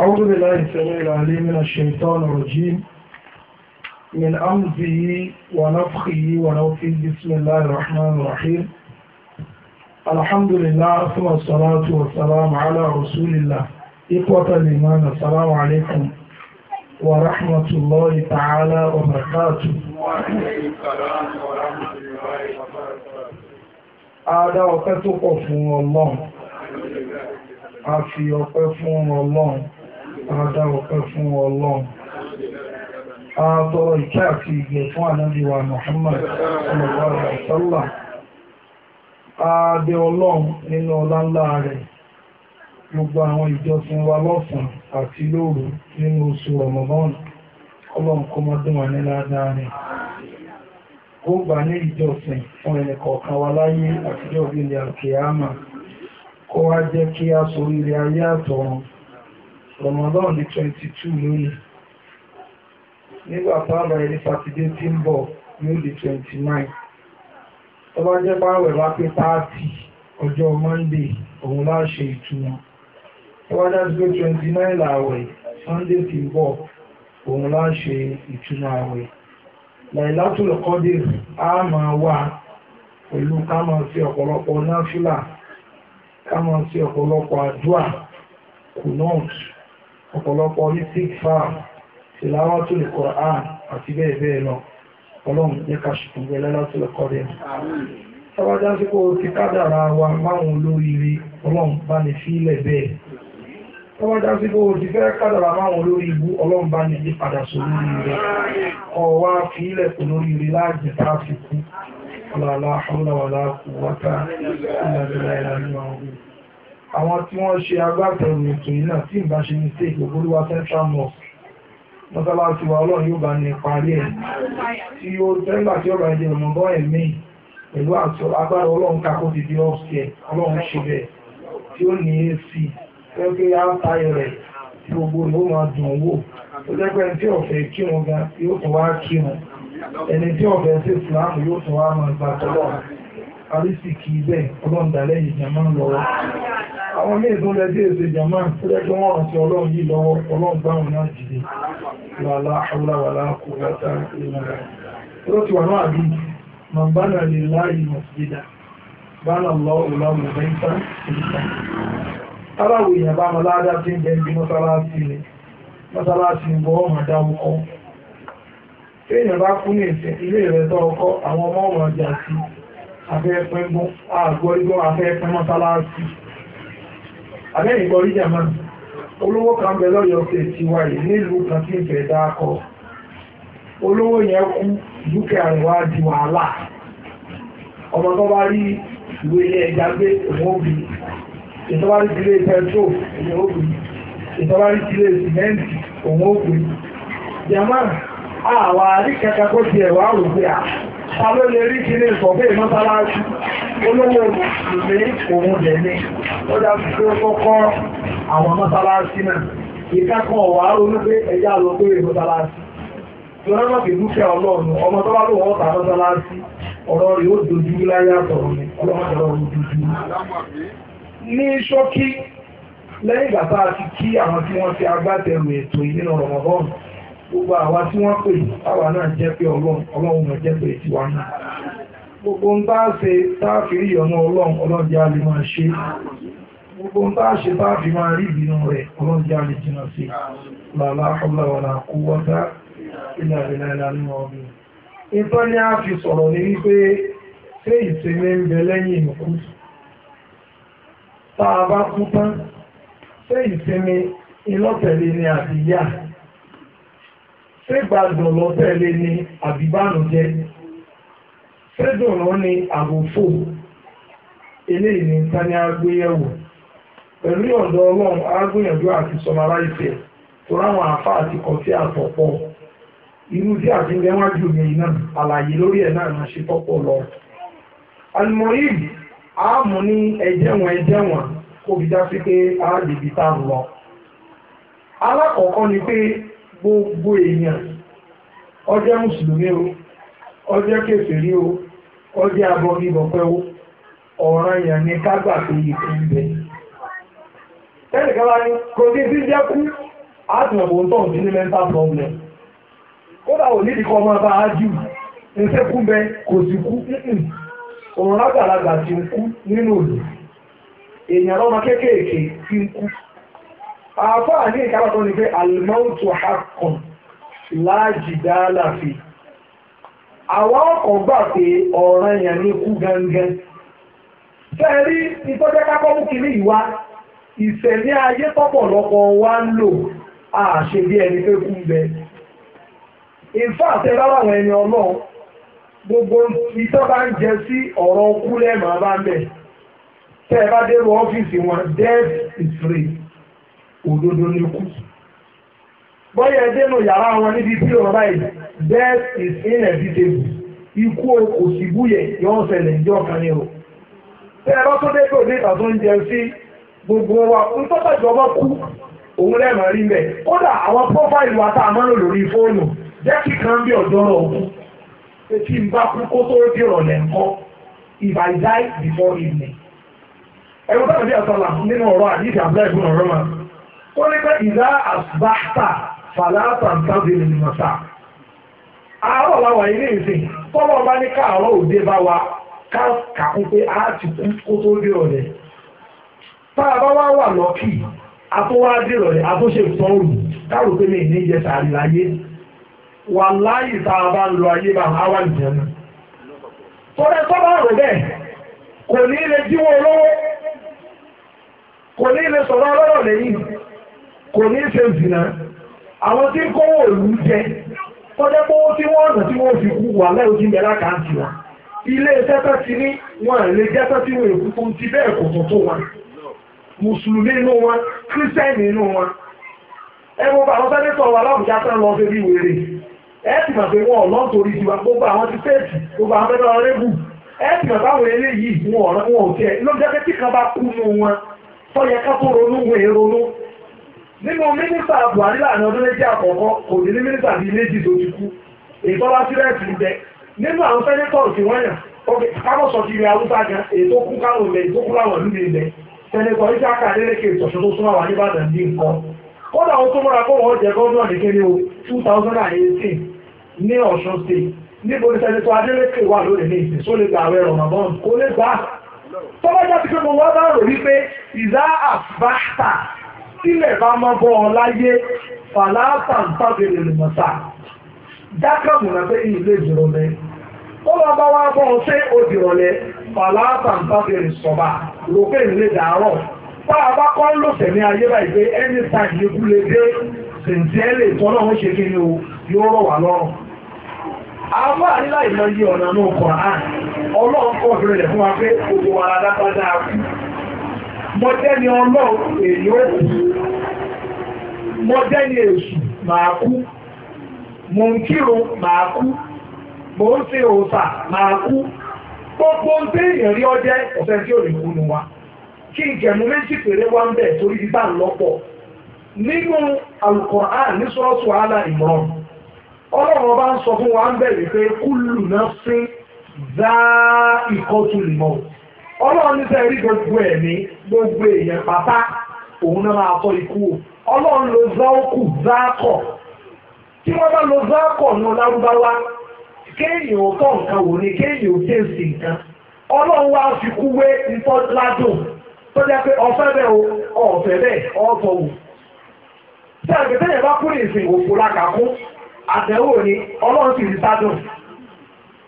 أعوذ بالله السميع العليم من الشيطان الرجيم من أمزه ونفخه ونوفه بسم الله الرحمن الرحيم الحمد لله ثم الصلاة والسلام على رسول الله إخوة الإيمان السلام عليكم ورحمة الله تعالى وبركاته وعليكم السلام هذا وقت قفو الله àfi ọpẹ́ fún àádá ọpẹ́ fún ọlọ́run àtọrọ ìkẹ́ àti ìgbẹ̀ fún ànábíwa Muhammad sallallahu alaihi A ààbẹ̀ ọlọ́run nínú ọláńlá rẹ̀ gbogbo àwọn ìjọsìn wa àti nínú oṣù Ramadan di twenty two lónìí nígbà táwọn ẹni sátidé tí ń bọ̀ yóò di 29 nine tó bá jẹ́ báwẹ̀ bá pé táàtì ọjọ́ Monday òun láṣẹ ìtura tó bá dájú pé twenty nine làwẹ̀ Sunday tí ń bọ̀ òun láṣẹ ìtura àwẹ̀ Lailatul Qadr á máa wà pẹ̀lú ká máa ṣe ọ̀pọ̀lọpọ̀ náfìlà ká máa ṣe ọ̀pọ̀lọpọ̀ àdúà kùnọ́ọ̀tù ọ̀pọ̀lọpọ̀ holistic farm tìláwà tó lè Qur'an àti bẹ́ẹ̀ bẹ́ẹ̀ lọ ọlọ́run jẹ́ ká ṣùgbọ́n gbẹ lẹ́lá tó lè kọ́ dẹ̀. sábàjá sí pé o ti kádàrà wa máwọn olóríire ọlọ́run bá ní fílẹ̀ bẹ́ẹ̀ sábàjá sí pé o ti fẹ́ kádàrà máwọn olórí ibú ọlọ́run bá ní ìpadà sóríire ọ̀wá fílẹ̀ kò lóríire láàjẹ tá a fi kú ọ̀làlá àwọn ọ̀làwàlá kò wáta ìlànà ìlànà ìlànà àwọn tí wọ́n ṣe agbátẹrù ètò yìí náà tí ìbá ṣe mistake ògbólúwa central mosque mọ́sálásí wa ọlọ́run yóò bá ní parí ẹ̀ tí ó tẹ́lá tí ọ̀rọ̀ ẹ̀jẹ̀ ọmọ bọ́ ẹ̀mí pẹ̀lú àtọ́ agbára ọlọ́run kakó ti di ọ̀sẹ̀ ọlọ́run ṣe bẹ̀ tí ó ní èsì pẹ́pẹ́ áta rẹ̀ tí gbogbo ló máa dùn wò ó jẹ́ pé ẹni tí ọ̀fẹ́ kírun gan yóò tún wá kírun ẹni tí ọ̀fẹ́ sí ìsìlámù yóò tún wá máa gbà àrísìkì ilẹ̀ ọlọ́ndàlẹ́ yìí jàmá ń lọ́wọ́ àwọn míì tó lẹ́dí èsè jàmá tó jẹ́ kí wọ́n rántí ọlọ́run yìí lọ́wọ́ ọlọ́run báwọn náà jìde wàlá àwòláwàlá kò látà ìlànà tó ti wà náà bí màbánà lè láàyè mọ̀sídà bá kú ní ìsìn ilé ìrẹsọ ọkọ àwọn ọmọ ọmọ ọjà sí afẹ́ẹ̀pẹ́gbọ́n àgbọ́rígbọ́n afẹ́ẹ̀pẹ́ mọ́sálásí abẹ́nìkọrí jàmá olówó kan bẹ lọ́yọ̀ pé tiwa yìí nílùú kan tí ìfẹ́ dákọ olówó yẹn kú dúkìá rẹ̀ wá di wàhálà ọmọ tó bá rí ìwé ilé ẹja gbé òun òbí ìtọ́wá rí tilé pẹtró òun òbí ìtọ́wá rí tilé sìmẹ́ǹtì òun òbí jàmá àwa àríkẹ́kẹ́ kó tiẹ̀ wá ta ló lè rí kí ní ìsọ̀fẹ́ ìmọ́sáláṣí olówó mùsùlùmí òun dẹ̀ ní ó dá sí pé kọ́kọ́ àwọn mọ́sáláṣí náà ìkákan ọ̀wà ronú pé ẹjá lọ pé ìmọ́sáláṣí lọ́nà kì í dúkẹ́ ọlọ́run ọmọ tó bá lò wọ́n ta mọ́sáláṣí ọ̀rọ̀ rẹ̀ ó dojú láyé àtọ̀rọ̀ mi ọlọ́mọdé ọ̀rọ̀ mi dojú. ní ṣókí lẹ́yìn ìgbà tá a ti kí gbogbo àwa tí wọ́n pè táwa náà jẹ́ pé ọlọ́run mọ̀ jẹ́ pé tiwa náà gbogbo ń bá ṣe táàfìrí ọ̀nà ọlọ́run ọlọ́jà lè máa ṣe gbogbo ń bá ṣe táàfì máa rí ìbínú rẹ̀ ọlọ́jà lè jìnà sí làlá ọlọ́wọ̀lá kú wọ́tá ilẹ̀ ìlà ìlà nínú ọdún ni a fi sọ̀rọ̀ ní wípé ṣé ìsinmi ń bẹ lẹ́yìn ìkú tá a bá kú tán ṣé ìsinmi ìlọ́tẹ̀lé ni àti yá ṣé gbàdùn lọ tẹ̀lé ni àbíbánu jẹ́ ṣé dùnú ni àbòfò eléyìí ni gbé pẹ̀lú ọlọ́run arágbìyànjú àti sọmaráìsẹ̀ tó ráwọn àfá àti àtọ̀pọ̀ irú tí mi náà àlàyé lórí ẹ̀ náà máa ṣe tọ́pọ̀ lọ. a ní kó fi já sí pé tá a lọ. alákọ̀ọ́kọ́ ni pé gbogbo èèyàn ọjẹ́ mùsùlùmí o ọjẹ́ kèfèrí o ọjẹ́ abọ́gibọ̀pẹ́ o ọ̀ràn èèyàn ni ká ọrụ anya ikú ń bẹ. kan wá ní kò sí sí jẹ́ kú àtúnwò tó ń dín mental problem kódà ò nídìí kọ́ máa bá a jù kú kò sí kú lágbàlagbà ti ń kú nínú èèyàn lọ́mọ kéékèèké ti ń kú. àfáà ní ìkápá tó ní pé alimọ́tò hakùn láàjìdáàlà fi àwọn ọkọ̀ gbà pé ọ̀ràn yẹn ní kú gangan fẹ́ẹ̀rí ìtọ́jẹ́ kápọ́ mú kiri ìwá ìṣẹ̀lẹ̀ ayé pọ̀pọ̀lọpọ̀ wa ń lò àṣẹ bí ẹni pé kú bẹ ìfà àtẹ́lára àwọn ẹni ọlọ́run gbogbo ìtọ́ bá ń jẹ sí ọ̀rọ̀ kú lẹ́ẹ̀mọ́ bá ń bẹ̀ tẹ́ ẹ bá dé lu ọ́fíìsì wọn death is free Ododo ní kú. bọ́yá ẹ yàrá wọn níbi bí ọ̀rọ̀ báyìí is inevitable ikú kò sí búyẹ̀ yóò ṣẹlẹ̀ ní ọ̀kan ní o. bá tó ìtàtún ń sí gbogbo wa kú òun rí kódà àwọn wa tá a lórí fóònù jẹ́ bí òkú etí ń bá kú kó tó ìrọ̀lẹ́ ńkọ́ ó ní pé ìdá àbáta fàlàtà tábìlì ní mọ̀tà àárọ̀ làwọn ilé ìsìn tọ́lọ́ bá ní káàárọ̀ òde bá wa ká kàkún pé a ti kú kó tó dé tá a bá wá wà lọ́kì àtúwádìí rẹ̀ àtúnṣe tọ́rù dárò pé mi ní ìjẹta àríláyé wà láyìí tá a bá ń lo ayé bá a wà nìyẹn tọ́lẹ̀ rẹ̀ bẹ́ẹ̀ kò ní ilé jíwọ́ olówó kò ní ilé sọ̀rọ̀ ọlọ́rọ̀ lẹ́yìn kò ní ṣe zìnà àwọn tí ń kówó òlù jẹ kọjá pówó tí wọ́n ọ̀nà tí wọ́n fi kú wà láì mẹ́lá kan ti ilé iṣẹ́ ti ní wọn à lè jẹ́ tó ti wọ́n èkú fún ti bẹ́ẹ̀ kò tuntun wọn mùsùlùmí inú wọn kírísítẹ́nì inú wọn ẹ gbogbo àwọn sẹ́nẹ́tọ̀ wa láwùjá tán lọ sí bí wèrè ẹ ti mọ̀ pé wọn ò lọ́n torí tiwa gbogbo àwọn ti fẹ́ẹ̀tì gbogbo àwọn fẹ́ẹ́ lọ rẹ́gù ẹ ti mọ̀ báwọn eléyìí wọn ò tiẹ̀ ló jẹ́ pé tí kan bá kú nù wọn tó ká tó ronú wọn èrò nínú mínísítà buhari láàrin ọdún méjì àkọ́kọ́ kò ní ní mínísítà bíi méjì tó ti kú ìtọ́lá sílẹ̀tì ń bẹ nínú àwọn sẹ́nẹ́tọ̀rù tí wọ́n yàn káwọn sọ kiri haúsá gan ètò kú káwọn ilẹ̀ ètò kú láwọn ìlú ilẹ̀ sẹ́nẹ́tọ̀ iṣẹ́ akadéleke ìtọ̀ṣọ́ tó súnmọ́ wà nìbàdàn ní nǹkan kódà ó tó múra kó wọ́n jẹ gọ́dúnà ní kéde o two thousand and eighteen ní ọ̀ṣun state níbo ni sẹ́nẹ́tọ̀ adéleke wà lónìí ní ìsìn só lè gbà àwẹ̀ rọ̀mọ̀bọ́n kó lè gbà tọ́lá jáde pé mo wá bá rò wípé ìzá àbáṣà tílẹ̀ bá mọ́ bọ́ ọ láyé fàlàáfà ń tábìlì lùmọ̀tà dákàmù náà pé ilé ó lọ bá wá bọ́ ọ sí fàlàáfà ń tábìlì sọ̀bà dàárọ̀ kọ́ ń lò ayé báyìí pé ẹni lè dé ṣe kí ni o yóò rọ̀ wá lọ́rùn àwọn àrílà ìlọ́yí ọ̀nà náà kọ̀ mo jẹ́ ni ọlọ́run èyí ó kú mo jẹ́ èṣù màá gbogbo ń tẹ́ èèyàn rí ọjẹ́ ọ̀sẹ̀ tí ò kú nu wa kí ìjẹ̀mú méjì péré wá ń bẹ̀ torí bíbá ń lọ́pọ̀ nínú Al-Qur'an ní sọ́ọ̀sù ìmọ̀ràn ọlọ́run ọba ń sọ fún wa ọlọ́run ní sẹ́ẹ̀rí gbogbo ẹ̀mí gbogbo èèyàn pátá òun náà máa tọ́ ikú o ọlọ́run lo záókù záàkọ̀ tí wọ́n bá lo záàkọ̀ ní ọlárúbáwá kéèyàn ò tọ́ nǹkan wò ni kéèyàn ò tẹ̀sí nǹkan ọlọ́run wá fi kú wé ntọ́ ládùn tó jẹ́ pé ọ̀fẹ́ bẹ́ẹ̀ o ọ̀fẹ́ bẹ́ẹ̀ ọ̀fọ̀ wò sẹ́ẹ̀kì tẹ́yẹ̀ bá kú ní ìsìn òfò lákàkún àtẹ̀wò ni ọlọ́run sì rí sádùn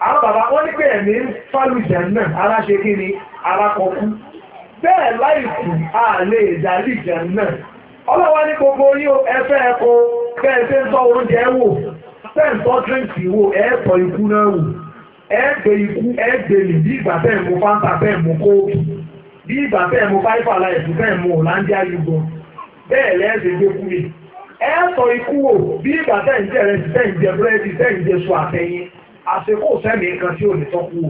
àwọn bàbá wọ́n ní pé ẹ̀mí ń fàlùjẹ̀ náà aláṣẹ kí ni alákọ̀ọ́kú bẹ́ẹ̀ láìkù àlè ìdálì ìjẹ̀ náà ọlọ́wọ́ ní gbogbo yóò ẹfẹ́ ẹ̀kọ́ bẹ́ẹ̀ tẹ́ ń tọ́ oúnjẹ wò tẹ́ ń tọ́ dírìnkì wò ẹ̀ẹ́tọ̀ ikú náà wò ẹ̀ẹ́gbẹ̀ ikú ẹ̀ẹ́gbẹ̀lì bí ìgbà bẹ́ẹ̀ mú fanta bẹ́ẹ̀ mú kóòkì bí ìgbà bẹ́ẹ̀ mú fáífà láìsù bẹ́ẹ̀ mú ọ̀làndíà yugo bẹ́ẹ̀ lẹ́ẹ̀sẹ̀ gbé kú ẹ̀ẹ́tọ̀ ikú wò bí ìgbà tẹ́ ń jẹ rẹ̀ tẹ́ ń jẹ búrẹ́dì tẹ́ ń jẹ sùn àtẹ̀yìn àsìkò sẹ́mi nǹkan tí ò ní tọ́kù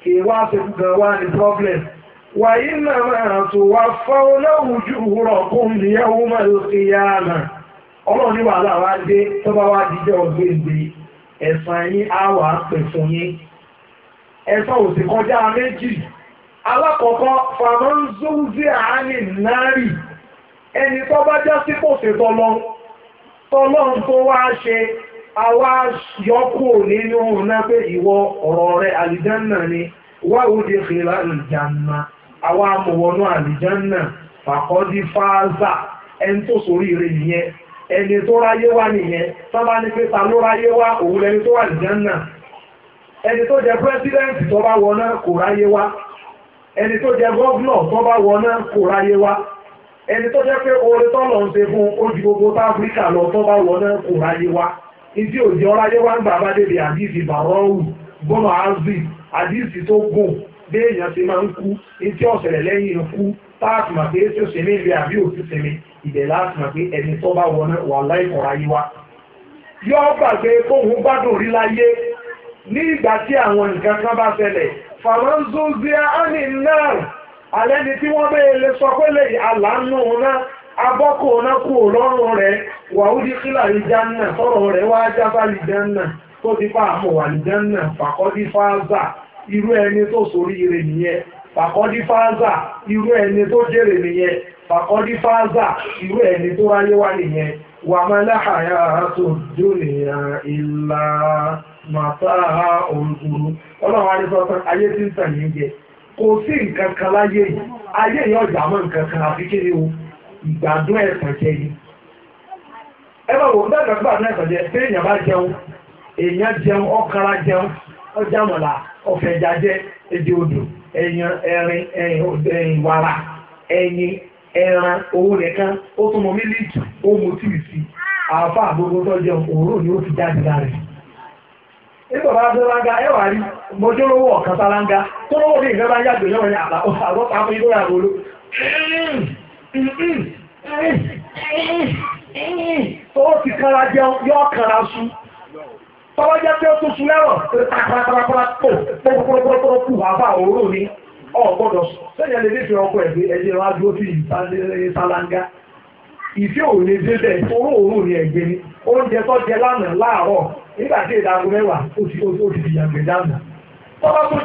kì í wá àsìkò gan wá ní problem wàyí náà tó wá fáwọn láwùjú rọ̀kùn níyàwó máa ló ti yá àmà ọlọ́run ní wàhálà wá dé tó bá wá díjẹ́ ọ̀gbẹ́gbẹ́ ẹ̀sán yín á wà á pè fún yín ẹ̀sán ò sì kọjá méjì alákọ̀ọ́kọ́ fàmọ́nzóúzí àánì náàrí ẹni tó bá já sí kò sí tọlọ́run tọlọ́run tó wá ṣe àwa yọkù nínú ọ̀nà pé ìwọ ọ̀rọ̀ rẹ àlìjánà ni wà ó di fìlà ìjànà àwa amọ̀wọ́nú àlìjánà fàkọ́dí fáázà ẹni tó sórí rẹ nìyẹn ẹni tó ráyé wá nìyẹn sábà ní pé ta ló ráyé wá òun lẹni tó wà àlìjánà ẹni tó jẹ pírẹsidẹ́ǹtì tó bá wọná kò ráyé wá ẹni tó jẹ gọ́vnọ̀ tó bá wọná kò ráyé wá ẹni tó jẹ pé oore tọ́lọ̀ ń ṣe fún ojú gbogbo tá áfíríkà lọ tó bá wọná kò ráyé wá ìdí òjò ọláyé wá ń gbà bá débi àdìsí bàrọ́ọ̀hù gbọ́nà azì àdìsí tó gùn bí èèyàn ti máa ń kú ìdí ọ̀sẹ̀rẹ̀ lẹ́yìn ikú táàtì mà pé tí ó ṣe ní ilé àbí òtú sinmi ìbẹ̀ láti pé ẹni tó bá wọnà wà láìkọ̀ọ́ ayé wa. yọ gbàgbé kóhun gbádùn rí láyé ní ìgbà tí àwọn nǹkan kan bá ṣẹlẹ̀ fàmọ́ńzó zia ánì náà alẹ́ni tí wọ́n bẹ́ẹ̀ lè sọ pé lè abọ́kò onákò lọ́rùn rẹ̀ wàhúdí kílà ìjánà sọ̀rọ̀ rẹ̀ wá jábá ìjánà tó ti fa àmọ̀wà ìjánà fàkọ́dí irú ẹni tó sórí ire nìyẹn fàkọ́dí irú ẹni tó jèrè nìyẹn fàkọ́dí fáázà irú ẹni tó ráyé wá nìyẹn wà má láhàyà ìlà màtá òǹkùrú ọlọ́run adéṣọ́sán ayé tí ń tàn yín jẹ ọjà mọ́ nǹkan kan ìgbádùn ẹ̀sàn jẹ ni ẹ bá wò ó dáadáa gbàdúrà ẹ̀sàn jẹ pé èèyàn bá jẹun èèyàn jẹun jẹun ọjàmọ̀là odò wàrà ẹran owó nìkan ó tún mọ mílíìtì ó mu sí àáfà àgbogbo tó jẹun òórùn ni ó jáde rí ọ̀kan tó lówó bí bá tó ti kára jẹun yọ kára tọwọ tọ́wọ́ jẹ́ ó tún tó kù àbá òórò ọ̀gbọ́dọ̀ lè ọkọ̀ ẹ̀jẹ̀ ò lè òórò ni oúnjẹ tó jẹ lánàá láàárọ̀ nígbà tí ìdáàbò mẹ́wàá ó ti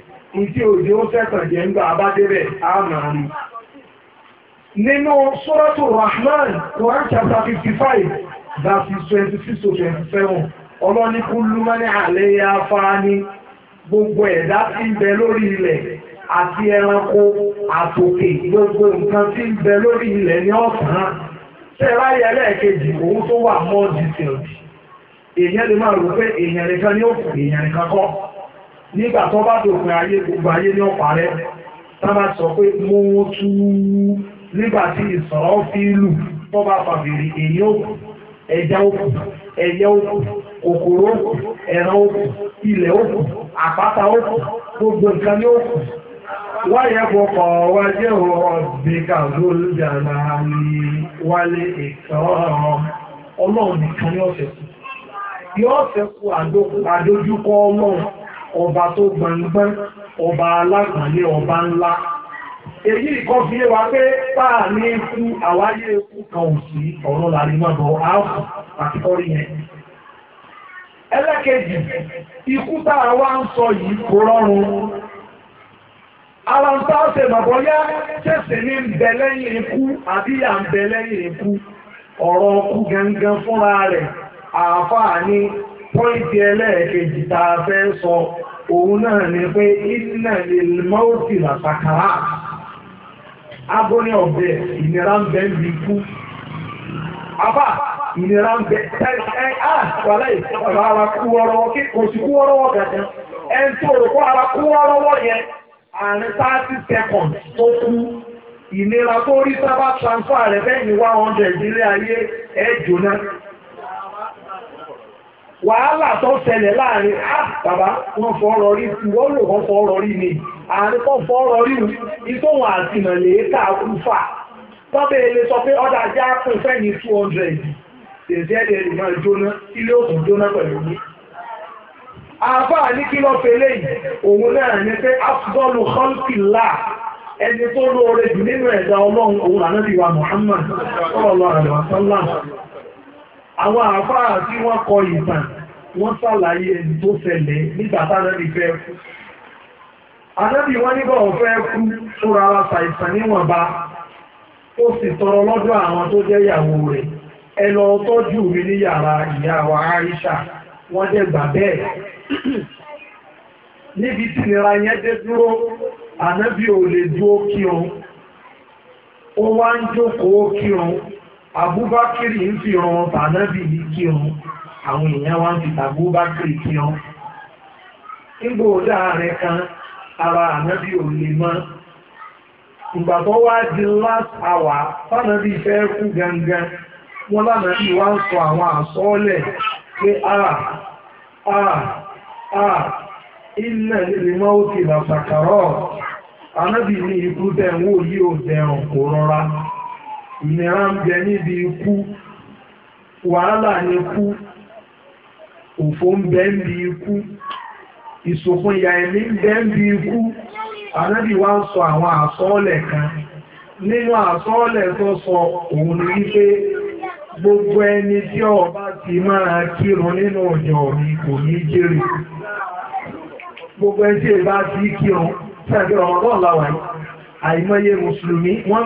ìdí òjò ó sẹ́kàn jẹ́ ńgbà abádébẹ̀ àmàrí nínú sọ́rọ́tò rahman quran chapter fifty 27 verses twenty six to gbogbo ẹ̀dá tí ń bẹ lórí ilẹ̀ àti ẹranko àtòkè gbogbo nǹkan tí ń bẹ lórí ilẹ̀ ní ọ̀sán tẹ́lá yẹlẹ́ kejì òun tó wà more detailed èèyàn lè máa rò pé èèyàn nìkan ni ó kù èèyàn nìkan nígbà tó bá dòpin ayé gbogbo ayé ní ọ̀pá rẹ̀ tábà sọ pé mo tú nígbà tí ìsọ̀rọ̀ fi lù tó bá fàbìrì èyí òkú ẹja òkú ẹyẹ òkú kòkòrò òkú ẹran òkú ilẹ̀ òkú àpáta òkú gbogbo nǹkan ní òkú wáyé pọ̀pọ̀ wá jẹ́ ọ̀bí kàgbó jàrá rí ọlọ́run nìkan ní ọ̀sẹ̀ yóò fẹ́ kú àdójúkọ ọlọ́run ọba tó gbọ̀ngbọ́n ọba alágbàlẹ̀ ọba ńlá èyí kan fi yé wa pé táà ní ikú àwáyé ikú kan ò sí ọ̀rọ̀ làrímọ̀bọ̀ áàfù àti kọ́rí yẹn ẹlẹ́kẹ̀jì ikú táà wá ń sọ yìí kò rọrùn ara ń tá ọ̀sẹ̀ mọ̀bọ́yá ṣẹ̀ṣẹ̀ ní ń bẹ lẹ́yìn ikú àbí à ń bẹ lẹ́yìn ikú ọ̀rọ̀ ọkú gangan fúnra rẹ̀ àáfàá ní pọ́ìntì ẹlẹ́ẹ̀kejì tá a fẹ́ sọ òun náà ni pé iná lè mọ́ọ̀tì làtàkàrà agoni ọ̀bẹ ìnira ń bẹ ń bí ikú apá ìnira ń bẹ ẹ á wàlá ìfọ̀rọ̀ ara kú ọrọ̀wọ́ kí kò sí kú ọrọ̀wọ́ gàdá ẹ ń tó rò kó ara kú ọrọ̀wọ́ yẹn àárín thirty seconds tó kú ìnira tó rí sábà transfer rẹ̀ bẹ́ẹ̀ ni one hundred nílé ayé ẹ̀ jóná wàhálà tó ṣẹlẹ̀ láàrin á ah, bàbá wọn fọ́ọ̀rọ̀ rí wọ́n lò wọ́n fọ́ọ̀rọ̀ rí ni àárín kan fọ́ọ̀rọ̀ rí ni ìtòhun àtìmọ̀lé ká kú fà tọ́bẹ̀ ilé sọ pé ọ̀dà já kún fẹ́yìn two hundred ṣèṣẹ́ ẹ̀dẹ̀ ìmọ̀ ìjóná ilé òkú jóná pẹ̀lú ní. àáfàá ní kí lọ́ọ́ fẹ́ lẹ́yìn òun náà ní pé afdọ́lù kọ́ńtìlá ẹni tó lóore jù nínú ẹ̀dá ọlọ́run òun ànábìwá àwọn àfáà tí wọ́n kọ ìtàn wọ́n ṣàlàyé ẹni tó ṣẹlẹ̀ nígbà tánábì fẹ́ kú anábì wọn nígbà ọ̀fẹ́ kú fúnra wa ṣàìsàn níwọ̀nba ó sì tọrọ lọ́dọ̀ àwọn tó jẹ́ ìyàwó rẹ̀ ẹ lọ tọ́jú mi ní yàrá ìyá wa Aisha wọ́n jẹ́ gbà bẹ́ẹ̀ níbi tí nira yẹn dé dúró anábì ò lè dúó kírun ó wá ń jókòó kírun Abubakar ń fi run tànábì ní kírun àwọn èèyàn wá ń fi tàbúbakar ara ànábì ò lè mọ́ di last hour tànábì fẹ́ kú gangan wọ́n lánàbì wá ń sọ àwọn àsọ́ọ́lẹ̀ pé ara ara ara ilẹ̀ lè mọ́ òkè làṣàkàrọ̀ ànábì ní ikú tẹ̀ rọra. ìnira ń bẹ níbi ikú wàhálà ní ikú òfò ń bẹ níbi ikú ìṣòfin ìyà ẹ̀mí ń bẹ níbi ikú ànábì wa ń sọ àwọn kan nínú àsọ́ọ̀lẹ̀ tó sọ òun gbogbo ẹni tí ọba ti máa kírun nínú ọjọ́ mi kò ní jèrè gbogbo ẹni tí ìbá ti kírun tí àgbẹ̀rọ̀ ọlọ́ọ̀lá wà àìmọye mùsùlùmí wọ́n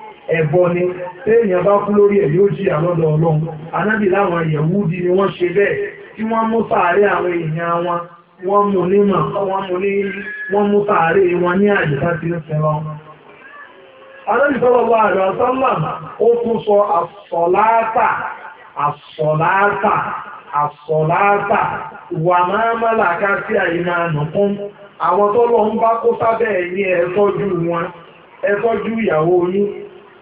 ẹ̀bọ ni téèyàn bá kú lórí ẹ̀ yóò jìyà lọ́dọ̀ ọlọ́run láwọn di ni wọ́n ṣe bẹ́ẹ̀ tí wọ́n mú sàárẹ̀ àwọn èèyàn wọn wọ́n mú nímọ̀ wọ́n mú ní wọ́n mú wọn ní àyíká tí ń sin lọ. anábì ó sọ àsọ̀láàtà àsọ̀láàtà àsọ̀láàtà wà máa sí àyínà àwọn ń bá kó sábẹ́ wọn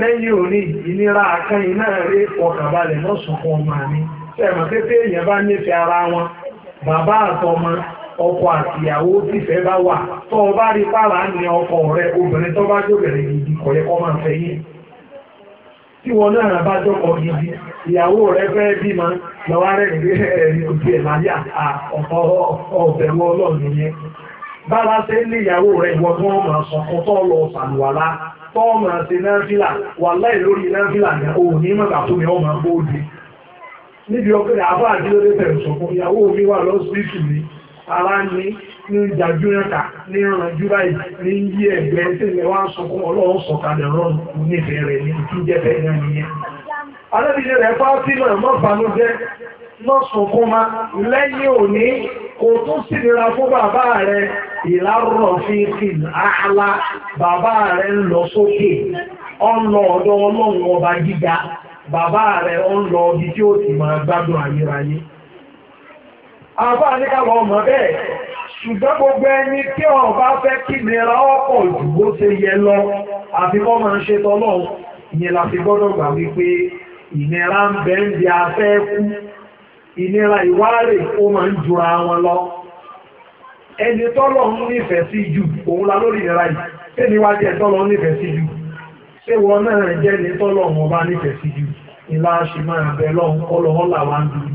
lẹ́yìn inira ìnira àkànyìn náà rí ọkàbalẹ̀ lọ́sùnkún ọmọ mi sẹ́mọ̀ pépé èèyàn bá nífẹ̀ẹ́ ara wọn bàbá àtọmọ ọkọ àtìyàwó tìfẹ́ bá wà tó o bá rí pààrà ní ọkọ rẹ obìnrin tó bá jóbìnrin gidi yẹ máa fẹ́ tí wọn náà bá jọkọ gidi ìyàwó rẹ òbí bára ṣe ń lé ìyàwó rẹ̀ ìwọ tí wọ́n máa sọ fún tọ́ lọ sàlùwàlá tọ́ máa ṣe náfìlà wàláì lórí náfìlà ní òní mọ̀gbà tó mi ọmọ bóde níbi ọkùnrin àbá àdílódé tẹ̀rù sọ̀kún ìyàwó mi wà lọ́sibítù ni ara ní ní ìjàjú náà ní ìrànjú báyìí ní yí ẹ̀gbẹ́ tí ilẹ̀ wá ń sọkún ọlọ́run sọ̀kalẹ̀ rọrùn nífẹ̀ẹ́ rẹ̀ ní ìtújẹ́fẹ́ lẹ́yìn òní kò tún sí fún bàbá rẹ̀ ìlàrọ̀ fi fi àhàlà bàbá rẹ̀ ń lọ sókè ọ̀nà ọ̀dọ̀ ọlọ́run ọba gíga bàbá rẹ̀ ń lọ ibi tí ó ti máa gbádùn ayérayé. àbá níkàwọ̀ ọmọ bẹ́ẹ̀ ṣùgbọ́n gbogbo ẹni tí ọba fẹ́ kí nira ọ̀pọ̀ jù bó ṣe yẹ lọ àfi kọ́ máa ń ṣe tọ́lọ́run ìyẹn la fi gbọ́dọ̀ gbà wípé ìnira ń bẹ ń di afẹ́ kú ìnira ìwárè ó máa ń jura wọn lọ. ẹni tọ́lọ̀ ń nífẹ̀ẹ́ sí jù òun la lórí ìnira yìí tẹ́ni wá jẹ́ tọ́lọ̀ nífẹ̀ẹ́ sí jù ṣé náà jẹ́ tọ́lọ̀ wọn bá nífẹ̀ẹ́ sí jù ìlà ṣì máa bẹ lọ́hùn ọlọ́hún làwa ń di kú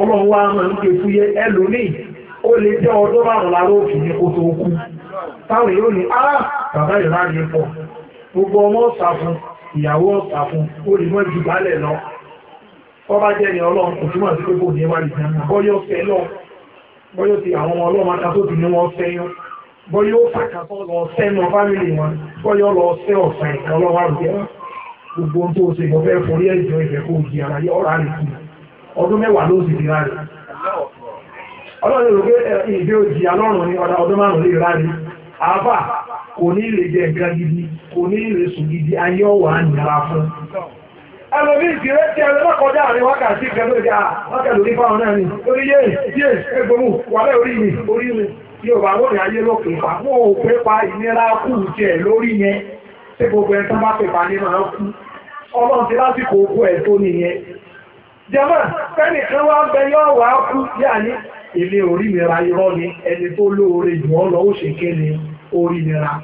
ọlọ́hún wa máa pọ̀ gbogbo ọmọ ọ̀sà fún ìyàwó ọ̀sà fún ọba jẹ́ ọlọ́run bọ́yọ́ ti àwọn ọmọ ọlọ́mọ adátóbi ni wọ́n fẹ́ yán bọ́yọ́ ó fàkàtọ́ lọ sẹ́nu fámìlì wọn bọ́yọ́ lọ sẹ́ ọ̀sán ìkan lọ́wọ́ àrùjẹ́ gbogbo ohun tó ṣe ìbọ̀fẹ́ forí ẹ̀jọ́ ìfẹ́ kó di ara yọ ọ̀rá rẹ̀ kù ọdún mẹ́wàá ló sì dira rẹ̀ ọlọ́run rò pé ìdí òjì alọ́run ní ọ̀dà ọdún márùn-ún lè rà rẹ̀ àbá kò ní lè jẹ nǹkan gidi kò ní lè sùn gidi ayé ọ̀wà nira fún ẹlòmí ìgbìrẹ́ tí ẹlẹ́ lọ́kọjá àrin wákàtí ìgbẹ̀lú ìjà wákàtí orí fáwọn náà ni orí yé yé ẹgbẹ̀mú wàlẹ́ orí mi orí mi yóò bá wọ́n ní ayé lókè pa wọ́n ò pé pa ìnira kù jẹ lórí yẹn tí gbogbo ẹ̀ tó bá pè pa ni ẹni tó lóore jù ọ́ lọ ó ṣe kéde orí mìíràn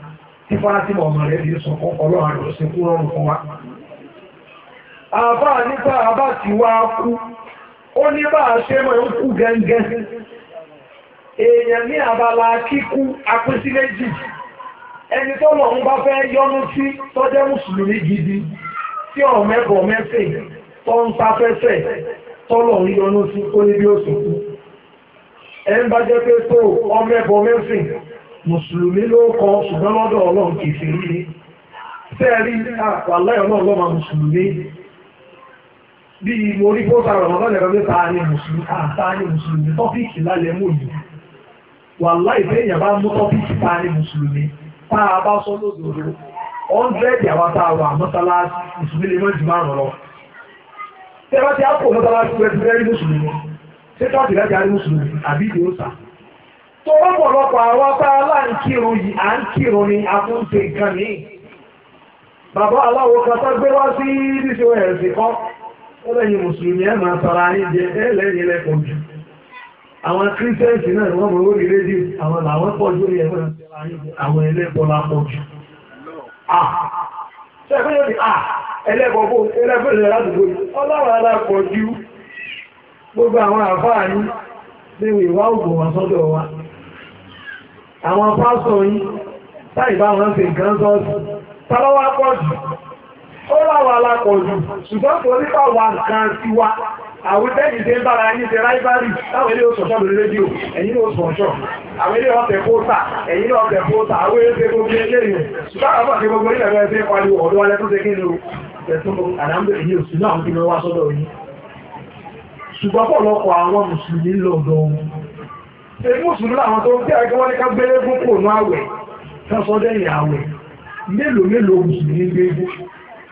tí fásitì ọmọ rẹ̀ fi sọ fún ọlọ́run àdùnsìn kúrọ̀rùn fún wa àbá nípa àbá tí wá kú ó ní bá ṣe mọ̀ ń kú gẹ́gẹ́ èèyàn ní àbálá kíkú apínsí méjì ẹni tó lọ ń bá fẹ́ yọnú sí tọ́jẹ́ mùsùlùmí gidi tí ọ̀ mẹ́bọ̀ mẹ́fẹ̀ tó ń sáfẹ́fẹ́ tọ́lọ̀ ń sí ó ní bí ó sì kú ẹ ń kọ ṣùgbọ́n lọ́dọ̀ ọlọ́run kìí fi rí sẹ́ẹ̀rí àpàlẹ́ ah, ọlọ́run bí mo rí fóta ọ̀rọ̀ lọ́lẹ̀ kan pé ta ni mùsùlùmí ta ni mùsùlùmí tọ́pìkì lálẹ́ mò yìí wàhálà ìfẹ́ èèyàn bá mú tọ́pìkì ta ni mùsùlùmí tá a bá sọ lódodo ọ̀ndẹ́ẹ̀dì àwọn tá a wà mọ́sálásí mùsùlùmí lè mọ́ jù márùn lọ. tẹ́ bá ti á pò mọ́sálásí rẹ ti rẹ́rí mùsùlùmí ṣé káàdì láti á rí mùsùlùmí àbí ìdí tó ẹlẹ́yìn mùsùlùmí ẹ máa tọrọ ayé jẹ ẹlẹ́yìn lẹ́kọ̀ọ́ jù àwọn kírísẹ́ǹsì náà wọ́n mọ̀ lórí rédíò àwọn làwọn pọ̀ jù ní ẹgbẹ́ àwọn ẹlẹ́bọ̀ lápọ̀ jù gbogbo àwọn àfáà ní léwu ìwá ògùn wọn sọ́dọ̀ wa àwọn pásọ̀ yìí táìbá wọn sì nǹkan sọ́ọ̀sì tàbá wá pọ̀ jù ó láwọn alákọ̀ọ́jù ṣùgbọ́n tó nípa wà nǹkan sí wa àwọn tẹ́jì ń bára ẹni tẹ ráìbárì táwọn ilé òṣọ̀ṣọ́ lórí rédíò ẹ̀yìn ní oṣù ọ̀ṣọ́ àwọn ilé ọ̀tẹ̀ pósà ẹ̀yìn ní ọ̀tẹ̀ pósà àwọn ilé gbogbo ilé yìí ṣùgbọ́n àwọn àti gbogbo ilé ẹ̀rọ ẹ̀fẹ́ pariwo ọ̀dọ́ alẹ́ tó ṣe náà ń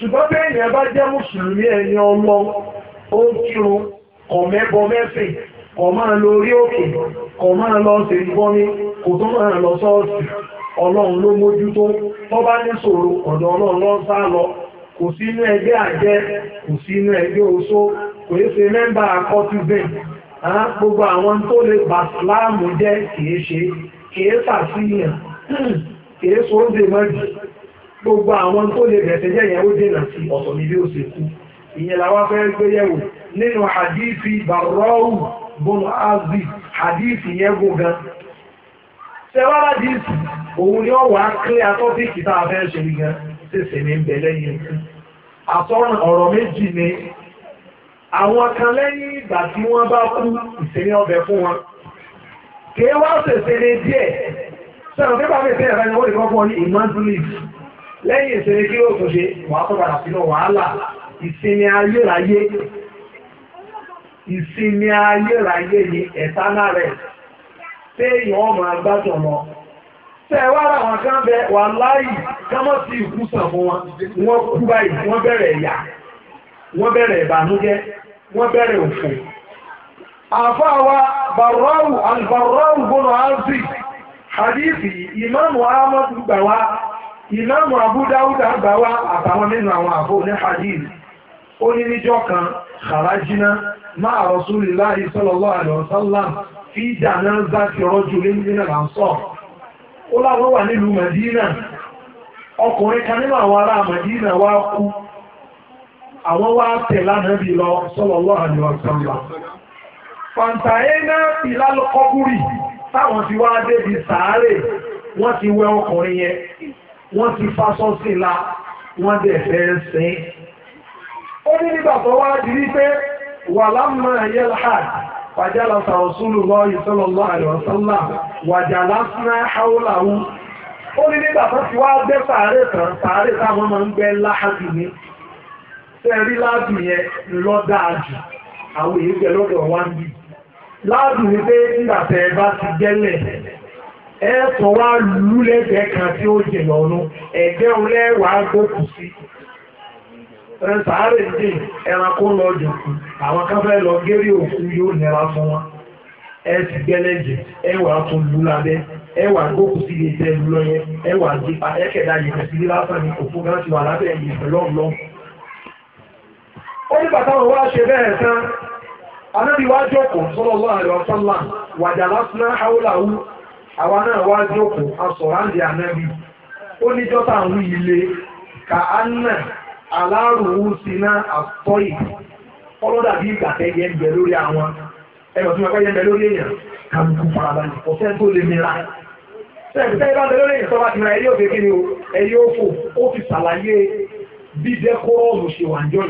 ṣùgbọ́n bẹ́ẹ̀ ni ẹ bá jẹ́ mùsùlùmí ẹni ọlọ ó ń kírun kọ̀ mẹ́bọ mẹ́sìn kọ̀ máa lọ orí òkè kọ̀ máa lọ ṣe ìbọnmi kò tó máa lọ sọ́ọ̀sì ọlọ́run ló mójútó tó bá ní lọ kò sí inú ẹgbẹ́ kò sí inú ẹgbẹ́ oṣó kò é ṣe gbogbo àwọn tó lè láàmú jẹ́ ṣe gbogbo àwọn tó lè bẹ̀ẹ̀sẹ̀ jẹ́ yẹn ó dènà sí ọ̀tọ̀ ní bí ó ṣe kú ìyẹn làwọn fẹ́ gbé yẹ̀wò nínú hadithi barọ́ù bọ́n azbi hadithi yẹn gùn gan sẹ́wọ́n hadithi òun ni ó wà á kílé atọ́fíìkì tá a fẹ́ ṣe ní gan ṣèṣe ní bẹ̀ lẹ́yìn ikú àtọ́rùn ọ̀rọ̀ méjì ni àwọn kan lẹ́yìn ìgbà tí wọ́n bá kú ìsinmi ọbẹ̀ fún wọn kí wọ́n ṣèṣe ní díẹ̀ sẹ́wọ́n pépà mi sí ẹ̀rọ ni wọ́n lè kọ́ fún ọ ní lẹ́yìn ìsinmi kí ó tún ṣe wà tó padà sínú wàhálà ìsinmi ayérayé ìsinmi ayérayé ni ẹ̀tánà rẹ̀ tí èèyàn ọmọ agbátọ̀ lọ tẹ́ wá ra wọn kán bẹ wà láàyè kámọ́ sí ìkú sàn fún wọn wọ́n kú báyìí wọ́n bẹ̀rẹ̀ ẹ̀yà wọ́n bẹ̀rẹ̀ ìbànújẹ́ wọ́n bẹ̀rẹ̀ òfò àfáwa bàrọ́wù àlùbàrọ́wù gbọ́nà áńsì hadithi ìmáàmù ahmadu gbà wá ìmáàmù abúdáwúdà agbawa àtàwọn nínú àwọn àbò ní hadith ó ní níjọ́ kan kharajina máa rasulillahi sallallahu alaihi wasallam fi janazati rajulin min al-ansar ó láwọn wà nílùú Madina ọkùnrin kan nínú àwọn ará Madina wá kú àwọn wá tẹ̀ lọ táwọn ti wá débi sàárè wọ́n ti wẹ ọkùnrin yẹn wọ́n ti fásọ́ sí la wọ́n dẹ̀ fẹ́ sin. ó ní nígbà tó wá di wípé wà lámà yelhad fàjálàsà òsúlù lọ ìsọlọlọ àlùsọlá wàjàlásínà haúláwú ó ní nígbà tó ti wá gbé sàárè kan sàárè táwọn máa ń gbé láhàbì ní láàbì yẹn jù àwọn èyí lọ́dọ̀ wá ń bì ẹ̀ẹ́tọ̀ wá lúlẹ́gbẹ̀ẹ́ kan tí ó jìnà ọ̀nà ẹ̀gbẹ́ ọlẹ́wà gbókù sí ẹ̀sàárè dì ẹranko lọ jòkù àwọn kan lọ òkú yóò nira fún wa ẹ̀ẹ́sì gbẹ́lẹ́jẹ̀ ẹ̀wà tún lú lábẹ́ ẹ̀wà gbókù sí ilé tẹ́ lọ́yẹ ẹ̀wà jípa ẹ̀kẹ̀dá yẹ̀kẹ̀ sí lásán òkú ti wà lábẹ́ àwa náà wá jókòó asọ̀ráǹdì ànábì ó níjọ́ tá à ń wí ilé ka anna alárùú síná àtọ́yì ọlọ́dà bí ìgbà tẹ́yẹ ń bẹ lórí àwọn ẹ̀rọ tí wọ́n fẹ́ yẹ ń bẹ lórí èèyàn kàlùkù farabalẹ̀ ọ̀sẹ̀ tó lè mìíràn sẹ́ẹ̀kẹ́ bá ń bẹ lórí èèyàn tó ti ra ẹyẹ òfin kí ni o ẹyẹ òfò ó fi ṣàlàyé bí dẹ́kọ́rọ́ọ̀mù ṣe wà ń jọ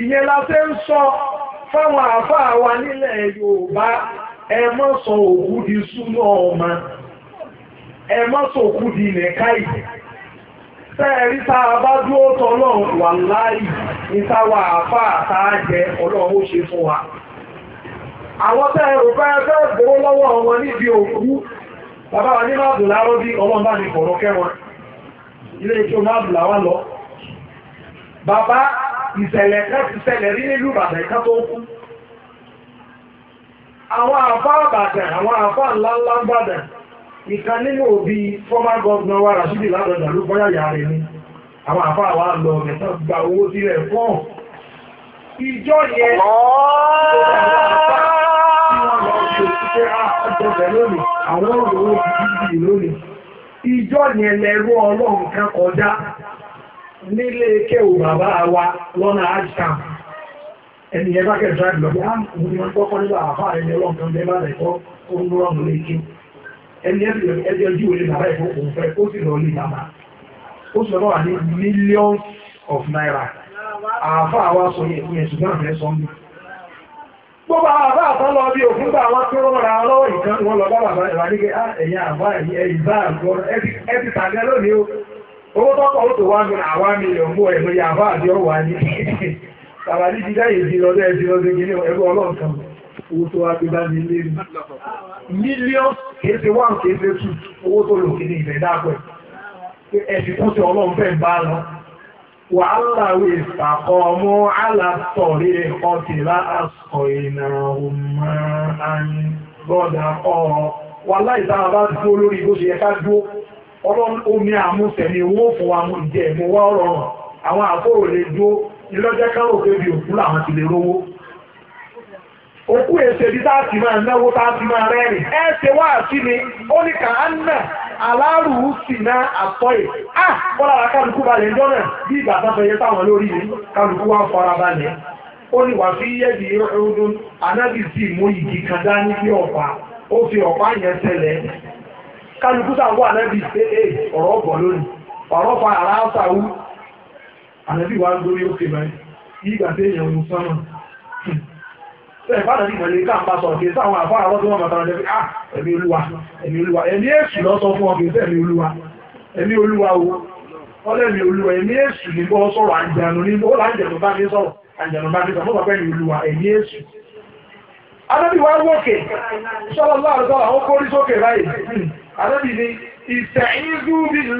ìyẹn la fẹ́ ń sọ fáwọn àáfàá wa nílẹ̀ Yorùbá ẹ sọ òkú di súná ọma. ẹ sọ òkú di nìkáì sẹ́ẹ̀rí tá a bá dúró wà láàyè ní táwa àfá àtàájẹ ọlọ́run ó fún wa àwọn tẹ bá ẹgbẹ́ gbówó lọ́wọ́ wọn níbi òkú bàbá wa ní bí bá ní kẹwọn ilé lọ bàbá ìṣẹ̀lẹ̀ ṣẹlẹ̀ bàbá àwọn àfá àbàdàn àwọn àfá ńláńlá ń bàdàn ìkan nínú òbí ló rẹ̀ ni àwọn àfá wa lọ mẹ́ta gba owó sílẹ̀ fún ìjọ yẹn àwọn olówó gidi lónìí ìjọ yẹn lẹ́rú ọlọ́run kan kọjá nílé kéwù bàbá wa lọ́nà Ashton ẹni ẹgbà kẹta ìgbàgbé àwọn ìwọ̀n kọ́kọ́ nígbà àfáà ẹni ọlọ́pàá ẹgbà ẹ̀kọ́ oúnjẹ ọ̀nà lẹ́kí ẹni ẹgbẹ́ ojú olè bàbá ẹ̀kọ́ òun fẹ́ ó sì lọ lè bàbá ó sì lọ́wọ́ ní millions of naira àfáà wa sọ yẹ ìyẹn ṣùgbọ́n àfẹ́ sọ mí gbogbo àbá àtọ́ lọ bí òfin bá wọn tó rọra lọ́wọ́ ìkan wọn lọ bá bàbá ìwà ní pé ah, ẹ̀yìn àbá ẹ̀yìn bá àgbọ̀ ẹ ti tàgẹ́ lónìí o owó tọ́kọ̀ ó tó wá ń gbọ́n àwa mílíọ̀nù ẹ̀mọ́ yà àbá àbí ọ̀wà ní tàbà ní jíjá ìdílọ́dẹ́ ìdílọ́dẹ́ gíní ẹgbẹ́ ọlọ́ọ̀kan owó tó wá gbé bá ní ilé rí mílíọ̀n kéèsè wà kéèsè tù owó tó lò kíní ìbẹ̀ dápẹ́ ẹ̀sìn kún sí ọlọ́run fẹ́ bá lọ wàhálà wí ìpàkọ́ ọmọ alátọ̀rí ọtí láàsọ ìnáwó máa ń gbọ́dà ọ̀rọ̀ wà láìsá bá dúró lórí bó ṣe yẹ ká dúró ọlọ́run omi àmúṣẹ̀ ni owó fún wa ìjẹ́ ìmúwá ọ̀rọ̀ àwọn àfóòrò lè dúró ìlọ́jẹ́ káró bébí òkú làwọn ti lè rówó òkú èsè bí táàtì máa náwó táàtì máa rẹ́rìn ẹ ṣe wá sí ó ní sì ná á bọ́lá wa kálukú balẹ̀ ńjọ́ náà bí ìgbà tó fẹyẹ táwọn lórí mi kálukú wa fara balẹ̀ ó ní wà fi yẹ́ di ọdún anábì sí mú igi kan dání bí ọ̀pá ó fi ọ̀pá yẹn kálukú sàwọn anábì ọ̀rọ̀ lónìí ọ̀rọ̀ fa ànábì wá lórí òkè báyìí ìgbà tí èèyàn ń sánmà ẹ̀fàdà ní ìmọ̀lẹ̀ ká ń bá sọ̀rọ̀ kìí sáwọn àfá àwọn tó wọ́n bàtàrà jẹ́ pé à ah, ẹ̀mí olúwa ẹ̀mí olúwa ẹ̀mí èṣù lọ sọ fún ọkùnrin ẹ̀mí olúwa ẹ̀mí olúwa o ọlẹ́mí olúwa ẹ̀mí èṣù ní bọ́ sọ̀rọ̀ àjànù ní ó láǹjẹ̀nù bá ní sọ̀rọ̀ àjànù bá ní sọ̀rọ̀ mọ́ pẹ̀lú olúwa ẹ̀mí èṣù adábí wá wókè sọ́lọ́lá àrùsọ́lá ó kórí sókè báyìí adábí ni ìsẹ̀yìn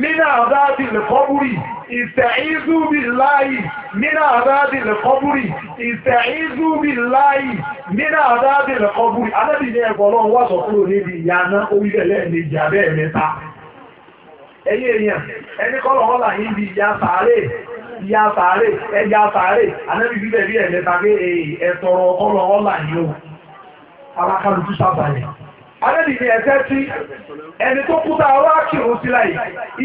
mina àdáàdì lẹ́kọ́búrì ìsẹ̀ẹ́zú bí láàyì mina àdáàdì lẹ́kọ́búrì ìsẹ̀ẹ́zú bí láàyì mina àdáàdì lẹ́kọ́búrì alábì ní ẹgbọ́ ọlọ́run wà sọ kúrò níbi ìyáná orílẹ̀-èdè méjì abẹ́ mẹ́ta ẹ̀yẹ́ èèyàn ẹni kọ́ lọ́wọ́ là yín bí ìyá sàárè ìyá sàárè ẹja o Adẹ́bì ni ẹ̀fẹ́ tí ẹni tó kúta wá kírun sí láì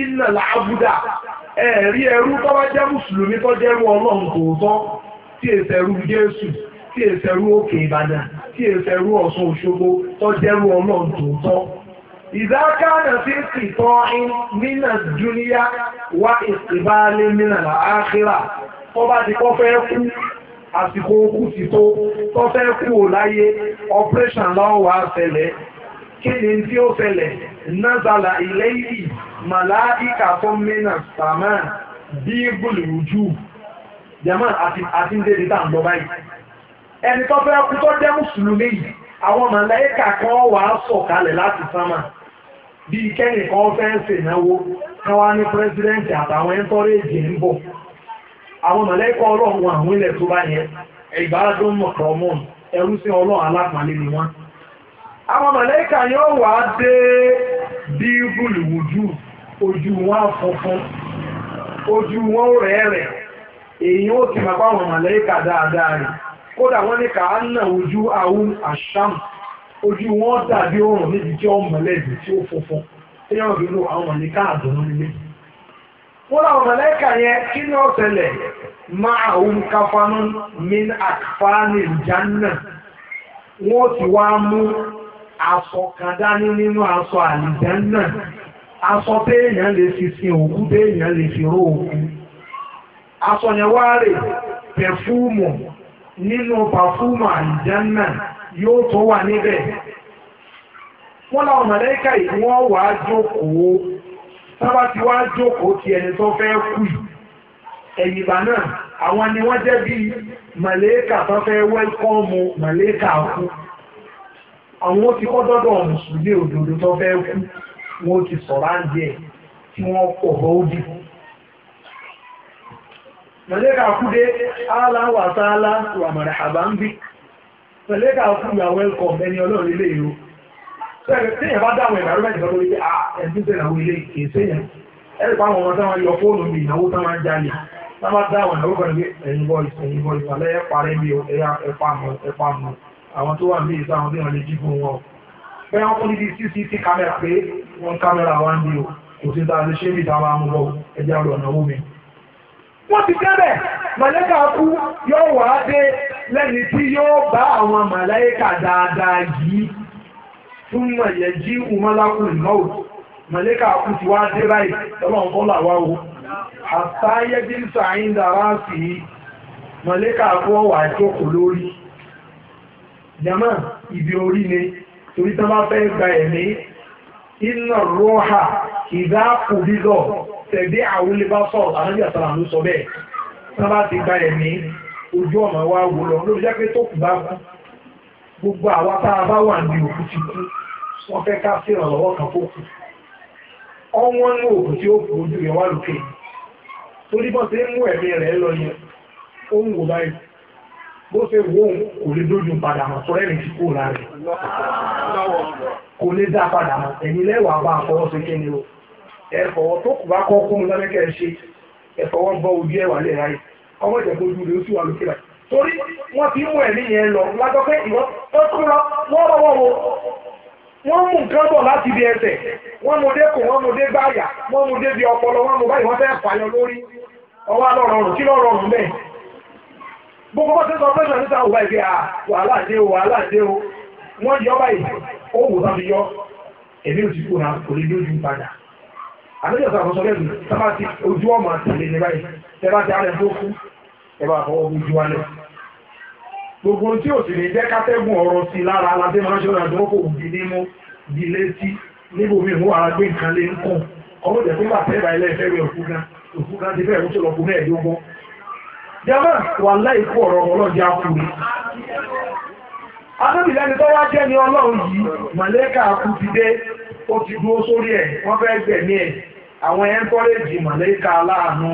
iná làábúdà ẹ̀rí ẹrú tó bá jẹ́ mùsùlùmí tó jẹ́rú ọlọ́run tòótọ́ tí èsẹ̀rú Jésù tí èsẹ̀rú òkè Ìbàdàn tí èsẹ̀rú Ọ̀ṣun Òṣogbo tó jẹ́rú ọlọ́run tòótọ́. Ìdákàdà sí ìtọ́ nínà dúníyá wá ìsìbálé nínà àákírà tó bá ti kọ́ fẹ́ kú àsìkò okú ti tó tó fẹ́ kú ò láyé ọpẹ́ṣàn kí ni tí ó fẹlẹ̀ nazala ilé yìí màláìka fún mínà sàmà bí gbùlùjú jama àti àti ń débi tá à ń lọ báyìí ẹni tó fẹ́ kú tó jẹ́ mùsùlùmí yìí àwọn màláìka kan wà á kalẹ̀ láti sánmà bíi kẹ́yìn kan fẹ́ ní pírẹsidẹ́ǹtì àtàwọn àwọn mọ̀lẹ́kà yóò wà á dé bíbùlù wùjú ojú wọn funfun ojú wọn rẹ̀ẹ̀rẹ̀ èyí ó ti máa báwọn mọ̀lẹ́kà dáadáa rẹ̀ kódà wọ́n ní ká nà ojú ahun àṣàm ojú wọn dàbí òrùn níbi tí ó mọ̀lẹ́bí tí ó funfun téèyàn fi lo àwọn mọ̀lẹ́kà àdùnnú nílé wọ́n làwọn mọ̀lẹ́kà yẹn kí ni ó máa òun káfánú min àkfánì ìjánà wọ́n ti wá mú aṣọ kan dání nínú aṣọ àlìjẹ́ náà aṣọ téèyàn lè fi sin òkú téèyàn lè fi ró òkú aṣọ yẹn wá rè pẹ̀fúùmù nínú pàfúùmù àlìjẹ́ náà yóò tó wà níbẹ̀ wọ́n láwọn mọ̀lẹ́kà yìí wọ́n wà á jókòó sábà tí wọ́n á jókòó ti ẹni tó fẹ́ kú yìí ẹ̀yìnbà náà àwọn ni wọ́n jẹ́ bí mọ̀lẹ́kà tó fẹ́ wẹ́lkọ́mù mọ̀lẹ́kà kú àwọn ti kọ́ dọ́dọ̀ mùsùlùmí òdòdó tó fẹ́ kú wọn ti sọ̀rọ̀ àǹdí ẹ̀ tí wọ́n pọ̀ bọ́ọ̀dì. mọ̀lẹ́kà kúdé aláwà sáálá wà mọ̀rẹ̀ àbá ń bí mọ̀lẹ́kà kú ya welcome ẹni ọlọ́run ilé ìlú sẹ́yìn bá dáwọn environment kan lórí pé à ẹ̀dún tẹ̀lé àwọn ilé ìkè sẹ́yìn ẹ̀rì pa àwọn ọmọ táwọn yọ fóònù mi ìnáwó táwọn jalè táwọn dáwọn ìnáwó kan lórí ẹ̀yìn bọ́ọ̀lù ẹ̀yìn bọ́ọ̀lù àwọn tó wà ní ìta àwọn bí wọ́n lè jígbó wọn bẹ́ẹ̀ wọ́n kún níbi CCTV kámẹ́rà pé wọ́n kámẹ́rà wá ń di o kò sí ta lè ṣe é ìta máa lọ ẹja lọ ọ̀nà omi. wọ́n ti tẹ́lẹ̀ màlẹ́kà kú yóò wá dé lẹ́ni tí yóò bá àwọn màlẹ́kà dáadáa yìí tún mọ̀ jí umalákùn náà màlẹ́kà kú ti wá dé báyìí ọlọ́run kọ́ làwa o àtàyẹ́bí sàáyín dára sí màlẹ́kà kú ọ̀wà ìjókòó lórí jama ibi orí ni torí tán bá fẹ́ gba ẹ̀mí iná rọ́hà ìdá òbílọ̀ tẹ̀dé àwọlé bá sọ̀ ànábì àtàrà ló sọ bẹ́ẹ̀ tán bá ti gba ẹ̀mí ojú ọ̀nà wa wò lọ lórí jẹ́ pé tó kù bá kú gbogbo àwa tá a bá wà ní òkú ti kú wọ́n fẹ́ ká sí ìrànlọ́wọ́ kan tó kù ọwọ́n ní òkú tí ó kù ojú rẹ̀ wá lókè torí bọ́n ti ń mú ẹ̀mí rẹ̀ lọ yẹn ó ń wò báyìí bó ṣe wó kò lè dójú padà mọ́ sọ ẹ̀rìn tí kò lára rẹ̀ kò lè dá padà bá fọwọ́ ni o ẹ̀fọ̀wọ́ tó kù bá kọ́ kún un ṣe ẹ̀fọ̀wọ́ gbọ́ ojú ọmọ torí wọ́n ti mú ẹ̀mí lọ tó tún lọ wọ́n rọwọ́ wo wọ́n láti ibi ẹsẹ̀ wọ́n mú dé kò wọ́n mú dé gbáyà wọ́n mú dé ọpọlọ wọ́n mú báyìí wọ́n fẹ́ lórí ọwọ́ kí gbogbo tí sọ pẹ́sọ̀ níta òwà ìgbé à wàhálà dé o wàhálà dé o wọ́n yọ báyìí ó wò láti yọ èmi ò sì kúrò náà kò lè ní ojú padà àlejò sọ àkọsọ lẹ́nu sábà ti ojú ọmọ àtàlẹ́ ní báyìí tẹ́lá ti alẹ́ tó kú ẹ bá fọwọ́ ojú alẹ́ gbogbo tí ò sì ní jẹ́ kátẹ́gùn ọ̀rọ̀ sí lára aládé máa ń ṣe ọ̀nà àdúgbò kò di nímú di létí níbo mi mú ara gbé nǹkan lé ń kàn ọmọdé fún bàtẹ́ ìbà ilé ìfẹ́ jẹ́mọ́ wà láì kú ọ̀rọ̀ ọlọ́jà kú ni. Adébì lẹ́ni tó wá jẹ́ ni ọlọ́run yìí, màlẹ́kà kú ti dé, ó ti dúró sórí ẹ̀, wọ́n fẹ́ gbẹ̀mí ẹ̀. Àwọn ẹ́ńkọ́rẹ́jì màlẹ́kà aláàánú,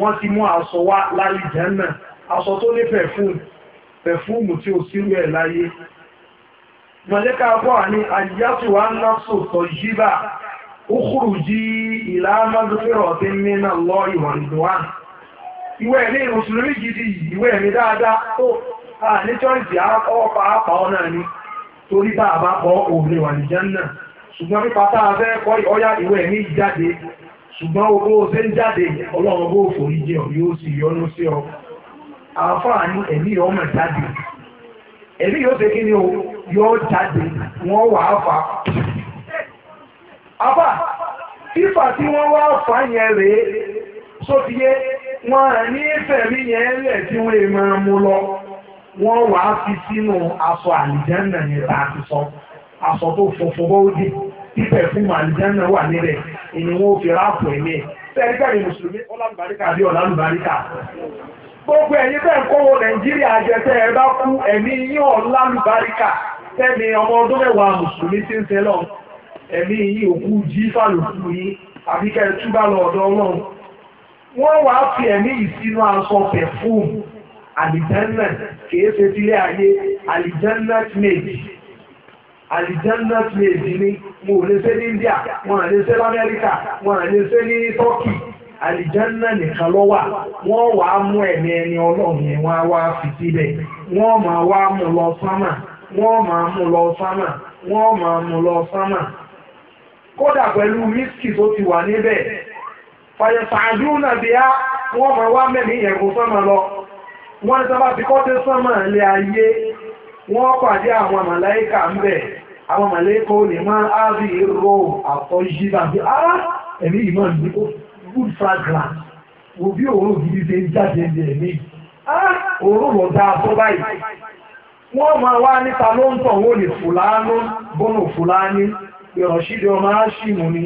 wọ́n ti mú aṣọ wá láyé jẹ́nà, aṣọ tó ní pẹ̀fúùmù, pẹ̀fúùmù tí ó sírú ẹ̀ láyé. Màlẹ́kà bọ̀ ní àyíyásù wa ń lọ́sọ̀ sọ yíbà, ó kúrò jí ìlà amágbèrè ọ̀dín nínà lọ́ ìwà ìdùnwánì. ìwé ẹ̀mí osimiri gidi ìwé ẹ̀mí dáadáa tó a ní chọ́ìsì ọ̀pá àpá ọ̀nà ni torí bá a kọ́ wà ní jẹ́nà ṣùgbọ́n nípa tá fẹ́ kọ́ ọ̀yá ìwé ẹ̀mí jáde ṣùgbọ́n owó ṣe ń jáde ọlọ́run bó ọ yóò sì yọnu sí ọ àáfàá ní ni o yóò jáde wọ́n wà á fà á fà tí wọ́n wá fà yẹn wọ́n ní fẹ̀mí yẹn lẹ̀ tí wọ́n èèmọ̀ mú lọ wọ́n wà á fi sínú aṣọ àlìjánà yẹn bá ti sọ aṣọ tó funfun bó dì pípẹ̀ fún àlìjánà wà níbẹ̀ ìní wọn ò fi ráàpù ẹ̀mí ẹ̀ sẹ́ni bẹ́ẹ̀ ni mùsùlùmí ọlálùbáríkà bí ọ̀lálùbáríkà gbogbo ẹ̀yin bẹ́ẹ̀ ń kówó nàìjíríà jẹ́tẹ́ ẹ bá kú ẹ̀mí yín ọ̀lálùbáríkà sẹ́ni ọmọ ọdún mẹ́wàá mùsùlùmí ti ń sẹ́lọ̀ ẹ̀mí yín òkú jí fàlùkù yín àbíkẹ́ túbà lọ ọlọ́run wọ́n wàá fi ẹ̀mí ìsinú aṣọ pẹ̀fúm àlìjẹ́nà kìí ṣe sílé ayé àlìjẹ́nà méjì àlìjẹ́nà méjì ni mo lè ṣe ní India mo lè ṣe lamẹ́ríkà mo lè ṣe ní Tọ́kì àlìjẹ́nà nìkan ló wà wọ́n wàá mú ẹ̀mí ẹni ọlọ́run yẹn wọ́n á wá fi síbẹ̀ wọ́n máa wá mú lọ sánmà wọ́n máa mú lọ sánmà wọ́n máa mú lọ sánmà kódà pẹ̀lú wíṣkì tó ti wà níbẹ̀ fàyẹ̀sàájú náà bí á wọ́n mọ̀ wá mẹ́rin ẹ̀gùn sọ́mọ̀ lọ wọ́n ní sábà fi kọ́tẹ́ sọ́mọ̀ lé ayé wọ́n pàdé àwọn màláíkà ń bẹ̀ àwọn màláíkà ò ní máa á rí ro àtọ́ yí tàbí ara ẹ̀mí ìmọ̀ ní good fragrance wo bí òórùn gidi ṣe ń jáde ní ẹ̀mí òórùn lọ dáa tó báyìí wọ́n mọ̀ wá níta ló ń tọ̀ wọ́n ní fùlánú bọ́nù fùlání ìrọ̀ṣídìí ọmọ áṣìmù ni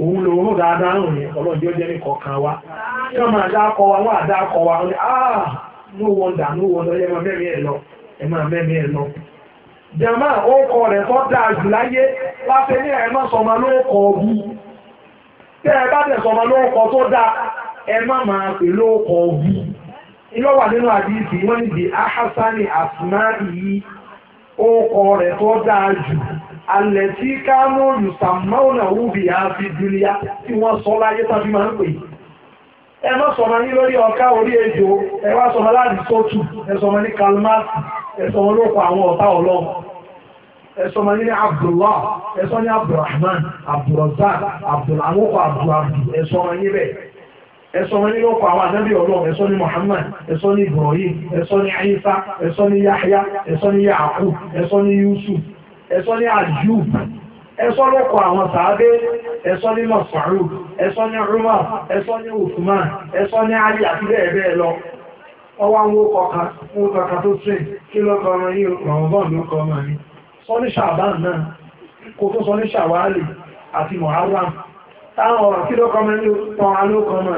òun lò ó dáadáa rùn ní ọlọ́dí jẹ́ ní kọ̀ọ̀kan wa kí wọ́n máa dákọ̀ wa wọ́n àdákọ̀ wa ní ah no wonder no wonder ẹ máa mẹ́rin ẹ̀ lọ máa mẹ́rin ẹ̀ lọ. jama rẹ̀ tọ́ dáa jù láyé láti ní ẹ̀ má sọmọ ẹ bá sọmọ tó dáa ẹ má máa pè ilé wà rẹ̀ jù alẹ̀ tí kánú lùsàmáwònà wùbì àfi dúníyà tí wọ́n sọ láyé tàbí máa ń pè ẹ má sọmọ ní lórí ọká orí ejò ẹ wá sọmọ láti sótù ẹ sọmọ ní kalmasi ẹ sọmọ lóko àwọn ọ̀tá ọlọ́run ẹ sọmọ ní abdullah ẹ sọ ní abdulrahman abdulrazak abdulhamoko abdulhamdu ẹ sọmọ ní bẹ́ẹ̀ ẹ̀sọ́ wọn nínú ọkọ̀ àwọn ànábì ọlọ́run ẹ̀sọ́ ní Muhammad ẹ̀sọ́ ní Ibrahim ẹ̀sọ́ ní Isa ẹ̀sọ́ ní Yahya ẹ̀sọ́ ní Yaakub ẹ̀sọ́ ní Yusuf ẹ̀sọ́ ní àjù ẹ̀sọ́ lọ́kọ̀ àwọn sàábé ẹ̀sọ́ ní mọ̀sàrù ẹ̀sọ́ ní rúmà ẹ̀sọ́ ní Usman ẹ̀sọ́ ní alì àti bẹ́ẹ̀ bẹ́ẹ̀ lọ ọwá ń wó kọka tó kí lọ́kọ̀ ọmọ yìí rọ̀mọ́bọ̀n ló ọmọ mi sọ ní náà kò tó sọ ní ṣàwálì àti táwọn ọ̀rọ̀ kí lọ́kọ̀ ọmọ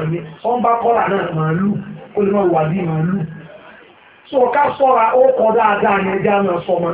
yìí ọmọ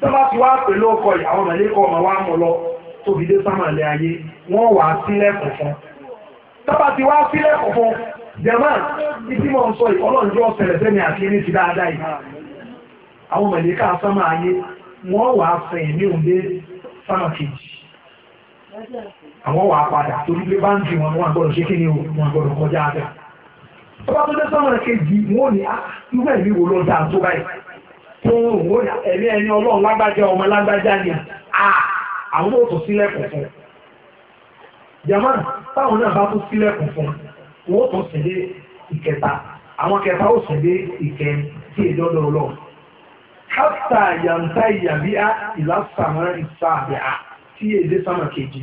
tó bá ti wá pè lóòkọ ìyàwó mẹ́lẹ́kọ̀ ọmọ wa mọ̀ lọ tó fi dé sámàlẹ̀ ayé wọ́n wà sílẹ̀ kọ̀ọ̀kan tó bá ti wá sílẹ̀ kọ̀ọ̀kan jẹ̀mọ́ ìdí mọ̀ ń sọ ìkọlọ́njọ́ ọ̀sẹ̀rẹ̀ sẹ́ni àti ní ti dáadáa yìí àwọn mẹ̀lẹ́kà sámà ayé wọ́n wà sẹ̀yìn ní òun dé sámà kejì àwọn wà padà torí pé bá ń di wọn wọn àgbọ̀dọ̀ ṣe kí ni wọn àgbọ̀dọ̀ kọjá abẹ́ tó bá tó dé sámà kejì wọn ò ní ah, tí ó ẹ̀mí ẹni ọlọ́run lágbájá ọmọ lágbájá ni àwọn náà tún sílẹ̀kùn fún jama táwọn náà bá tún sílẹ̀kùn fún wọ́n ìkẹta àwọn kẹta ó sì ìkẹ tí èdè ọdọ ọlọ́run káfíńtà yàǹtà ìyàbíà ìlàsàmà ìsàbíà tí èdè sàmà kejì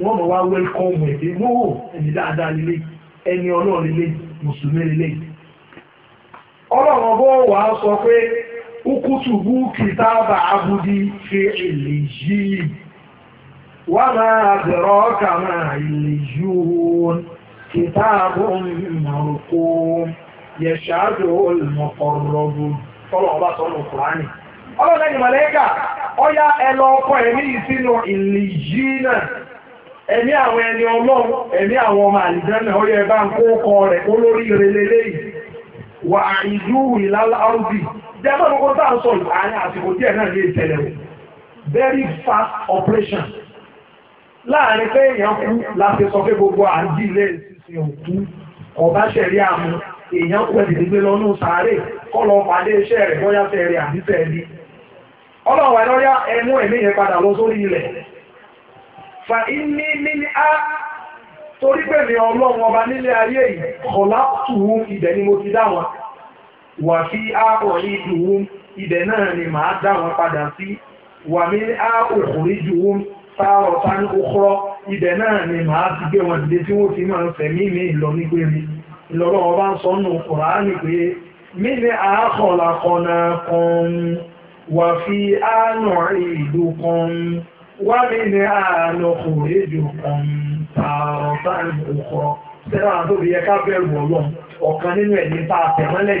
wọ́n mọ̀ wá ẹ̀dẹ́ wọ́wọ́ ẹni dáadáa ẹni ọlọ́run mùsùlùmí ọlọ́run sọ pé ukutubu kitaba abudi fi ìlìyí wà máa bẹ̀rọ kàmà ìlìyún kitabu mọ̀rùkú yẹ̀ṣáàdù olùmọ̀kọ̀rọ̀bù tọ́lọ̀ ọba sọ́nù kùránì ọlọ́dẹ̀ ni mọ̀lẹ́kà ọya ẹlọ ọkọ ẹ̀mí ìsinú ìlìyí náà ẹ̀mí àwọn ẹni ọlọ́run ẹ̀mí àwọn ọmọ àlìjẹ́nà ọyọ ẹ̀bá ń kó kọ rẹ̀ olórí ìrẹ̀lẹ́lẹ́yìn wà àìdúhù ìlàlárùbì jẹ́mọ́ gbogbo tá à ń sọ yìí àárín àsìkò díẹ̀ náà lè tẹ̀lé o very fast operation láàrin pé èèyàn kú láti sọ pé gbogbo à ń dílé ìsinsin òkú ọba ṣẹ̀rí àmú èèyàn kú ẹ̀dì gbígbé lọ́nù sàárè kọ́ lọ pàdé iṣẹ́ rẹ̀ bóyá fẹ́ rẹ̀ àbí fẹ́ rí ọlọ́wà lọ́yá ẹmú ẹ̀mí yẹn padà lọ sórí ilẹ̀ fa iní níní á torí pé mi ọlọ́run ọba nílé ayé yìí kọ̀lá tùú ibẹ̀ ni mo ti dá wọn wà fi ápọ̀ ìdùwó ibẹ̀ náà ni màá dá wọn padà sí wà mí á òkúrí ìdùwó sáárọ̀ sáré kókóró ibẹ̀ náà ni màá ti gbé wọn dìde tí wọ́n ti máa ń fẹ̀mí mi lọ nígbèrè ìlọ́rọ̀ ọba ń sọ nù kùránì pé mí ni àákọ̀làkọ̀nà kan wà fi ánù ìdù kan wà mí ni àánọ̀kùnrin ìdù kan sáárọ̀ sáré kókóró sẹ́wọ̀n àtòbí yẹ bẹ̀rù ọlọ́run ọ̀kan nínú ẹ̀yìn tá a tẹ̀ yìí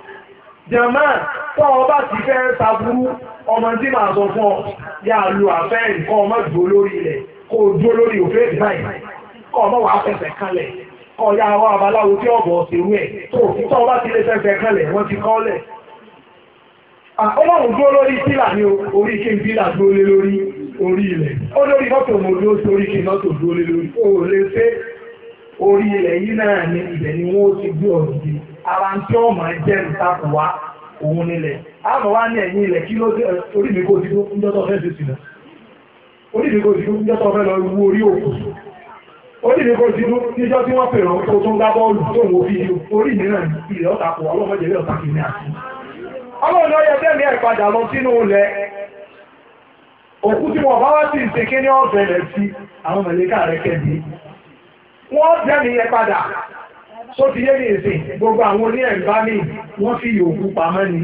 jẹ̀mọ́ tó ọba ti fẹ́ sàbúrú ọmọ tí màá sọ fún ọ yà lu àfẹ́ nǹkan ọmọ dúró lórí rẹ̀ kó o dúró lórí òfin ìgbàyìn kọ́ ọmọ wàá fẹsẹ̀ kalẹ̀ kọ́ ọ̀yà àwọn abaláwo tí ọ̀bọ̀ ṣerú ẹ̀ tó tó ọba ti lè fẹsẹ̀ kalẹ̀ wọ́n ti kọ́ lẹ̀. ọlọ́run dúró lórí pílà ni orí kí n pílà dúró lé lórí orí ilẹ̀ ó lórí mọ́tò mo dúró sórí kí n mọ́tò dúró lé lórí ó lè ṣe orí ilẹ̀ yìí náà ní ibẹ̀ ni wọ́n ti gbé ọ̀rọ̀ ara tí ó máa òun nílẹ̀ àmọ́ ní ẹ̀yìn ilẹ̀ kí ló dé orí mi kò dúró ń lọ wú orí òkú tí wọ́n tó tún gbá bọ́ọ̀lù tó wọ́n fi orí mi náà ilẹ̀ ọ̀tà kò wà àti ọlọ́run bẹ́ẹ̀ni ẹ̀ padà lọ sínú ilẹ̀ òkú tí bá wá sí ìsìnkí ní sí àwọn mẹ̀lẹ́kà tó ti yé ní ìsìn gbogbo àwọn oní ẹ̀gbá ní wọ́n fi yòókù pamọ́ ni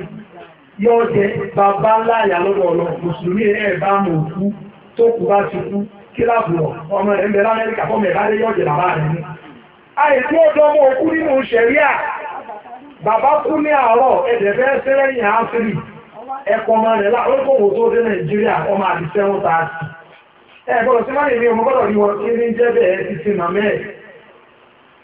yóò jẹ bàbá láyà mùsùlùmí ẹ̀bá mọ̀ òkú tó kù bá ti kú lọ ọmọ rẹ̀ ń bẹ lámẹ́ríkà ẹ̀bá lé yọ̀jẹ̀ bàbá rẹ̀ òkú nínú bàbá kú ní àárọ̀ fẹ́ ẹ̀kọ́ ọmọ rẹ̀ lọ́kọ̀wò tó dé nàìjíríà ọmọ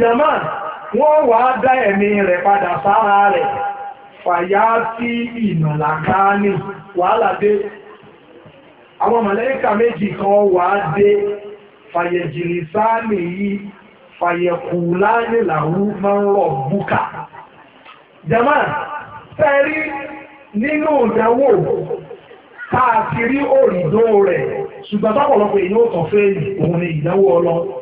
jama wọ́n wà á dá ẹ̀mí rẹ̀ padà sára rẹ̀ fàyà sí ìmọ̀làkáánì wàhálà dé àwọn mọ̀lẹ́kà méjì kan wà á dé fàyẹ̀jìrì sáàmì yìí fàyẹ̀kù láàrin làwú máa ń rọ̀ búkà jama fẹ́rí nínú ìdánwò káàkiri òrìdó rẹ̀ ṣùgbọ́n tọ́pọ̀lọpọ̀ èyí ó tọ̀ fẹ́ẹ̀lì òun ni ìdánwò ọlọ́run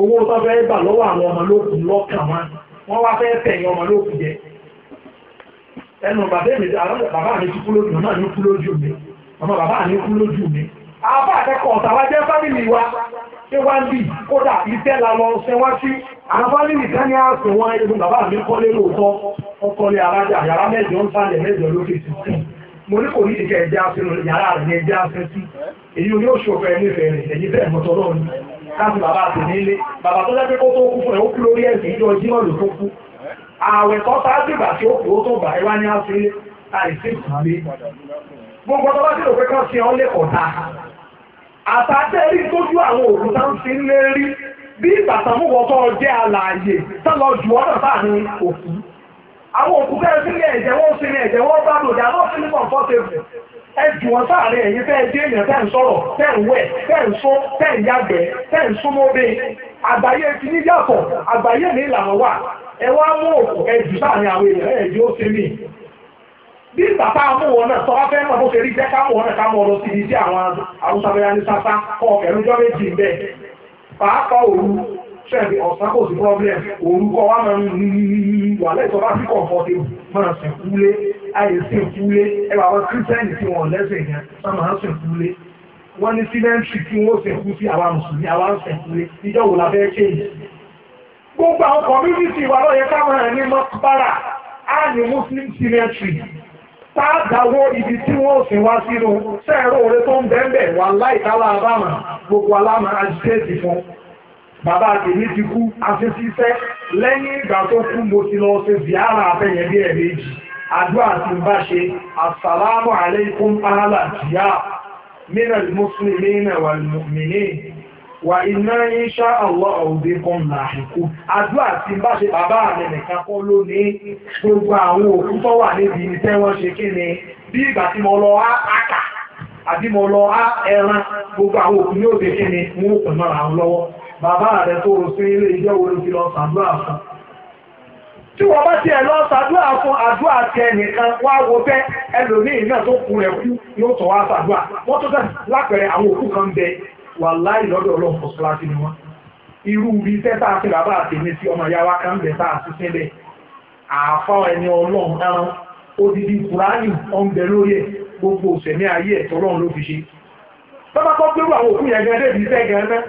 owó tó fẹ́ gbà lọ́wọ́ àwọn ọmọ lókùn lọ́kàn wá wọ́n wá fẹ́ tẹ̀yìn ọmọ jẹ ẹnu bàbá mi bàbá mi kú lójú náà mi ọmọ bàbá mi kú lójú mi àbá akẹ́kọ̀ọ́ tàwa jẹ́ fámìlì wa ṣé wá ń bì kódà iṣẹ́ la lọ ṣe wá sí àwọn fámìlì àsùn wọn ẹgbẹ́ bàbá mi kọ́lé lóòótọ́ ọkọlé alájà yàrá mẹ́jọ ń sálẹ̀ mẹ́jọ lókè mo ní kò ní ẹ̀jẹ̀ yàrá káàkiri bàbá àti nílé bàbá tó jẹ́ kó tó kú fún ẹ̀ ó kú lórí ẹ̀sìn ìjọ jímọ̀ ló tó kú ààwẹ̀ kan tá a tí ó kú ó tó bà ẹ́ wá ní àṣírí àìsí ìgbé gbogbo ọjọ́ bá ti rò pé kán ṣe lẹ́kọ̀ọ́ ta àtàtẹ́rí tójú àwọn òkúta ń fi lé rí bí ìbàtàmúwọ̀ tó jẹ́ alààyè tọ́lọ jù ọ́nà sáàrin òkú àwọn òkúta ẹ̀sìn ní ẹ̀jẹ̀ wọ́n sí ẹ̀jẹ̀ wọ́n bá lòdì àwọn sílẹ̀ kọ̀ǹfọ́tẹ̀bù ẹ wọn sáàrin ẹ̀yin tẹ dé èèyàn fẹ́ẹ́ ń sọ̀rọ̀ fẹ́ẹ́ ń wẹ̀ fẹ́ẹ́ ń sún fẹ́ẹ́ ń yàgbẹ́ fẹ́ẹ́ ń sún mọ́bẹ àgbáyé ti ní yàtọ̀ àgbáyé wà ẹ wá mú òkú ẹ jù àwọn èèyàn ẹ ṣe mí. bí bàbá mú wọn náà fẹ́ bó ṣe àwọn arúgbó ní sáfá kọ́ méjì ń òru sẹ́ẹ̀dì ọ̀sán kò sí problem orúkọ wa máa ń wà lẹ́tọ̀ bá sí kọ̀ǹfọ̀tì máa sìn kúlé ayé sìn kúlé ẹwà àwọn kírísítẹ́nì tí wọ́n lẹ́sẹ̀ yẹn sá máa sìn kúlé wọ́n ní sílẹ́ńtì tí wọ́n sìn kú sí àwa mùsùlùmí àwa ń sìn kúlé níjọ́ wò lábẹ́ kéyìí. gbogbo àwọn community wa lọ́yẹ káwọn ẹ̀ ní mọ́kúbára á ní muslim cemetery táàdáwó ibi tí wọ́n sì wá sínú sẹ́ẹ̀rọ̀ òre tó ń bẹ́ẹ̀ bẹ́ẹ̀ wà láìtálá àbámà gbogbo alámà agitate fún bàbá àtẹ̀mí ti kú aṣẹ́síṣẹ́ lẹ́yìn ìgbà tó kú mo ti lọ ṣe ziara abẹ́yẹn bí ẹ̀ẹ́mẹ́jì àdúrà tí ń bá ṣe asàlámù aláìkún ahàlà jìyà mìíràn mùsùlùmí náà wà lùmìnì wà iná iṣẹ́ àlọ́ ọ̀dẹ́ kan làhìkú àdúrà tí ń bá ṣe bàbá rẹ̀ nìkan kọ́ ló gbogbo àwọn òkú tó wà níbi ibi ṣe kí ni bí ìgbà tí mo lọ á kà àbí mo lọ á ẹran gbogbo àwọn òkú ní òde kí ni mú òpin mọ́ra àwọn lọ́wọ́ bàbá rẹ̀ tó o sí ilé ìjọ lọ ṣàdúrà fún tí wọ́n bá lọ ṣàdúrà fún àdúrà ti nìkan wá wo bẹ́ ẹlòmíì náà tó kù rẹ̀ kú yóò tọ̀ wá ṣàdúrà wọ́n tó tẹ̀sí lápẹ̀rẹ̀ àwọn òkú kan bẹ wà láì lọ́dọ̀ ni wọ́n irú iṣẹ́ tá a ti bàbá ọmọ kan bẹ tá a ti sílẹ̀ ẹni ọlọ́run odidi kùránì gbogbo òṣèlú ayé ẹ̀tọ́ ọlọ́run ló fi ṣe tọ́ba tó gbérù àwọn òkú yẹn gẹ́gẹ́ bíi sẹ́gẹ̀ ẹ̀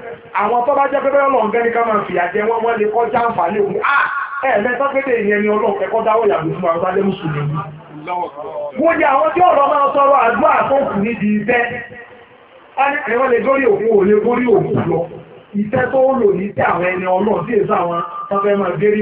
àwọn tọ́ba jẹ́ pẹ́pẹ́ ọlọ́run gẹ́ni ká máa fìyà jẹ wọ́n wọ́n lè kọjá àǹfààní òun à ẹ̀ẹ́mẹ́ sọ́kẹ́tẹ̀ ìyẹn ni ọlọ́run kẹ́kọ́ dáwọ́ yàgò fún àwọn sálẹ́ mùsùlùmí mo jẹ́ àwọn tí ọ̀rọ̀ máa sọ̀rọ̀ àdúrà tó kù níbi iṣẹ́ ẹ̀wọ́n lè górí òkú ò lè górí òkú lọ iṣẹ́ tó ń lò ní tí àwọn ẹni ọlọ́run sí èso àwọn tọ́fẹ́ máa gérí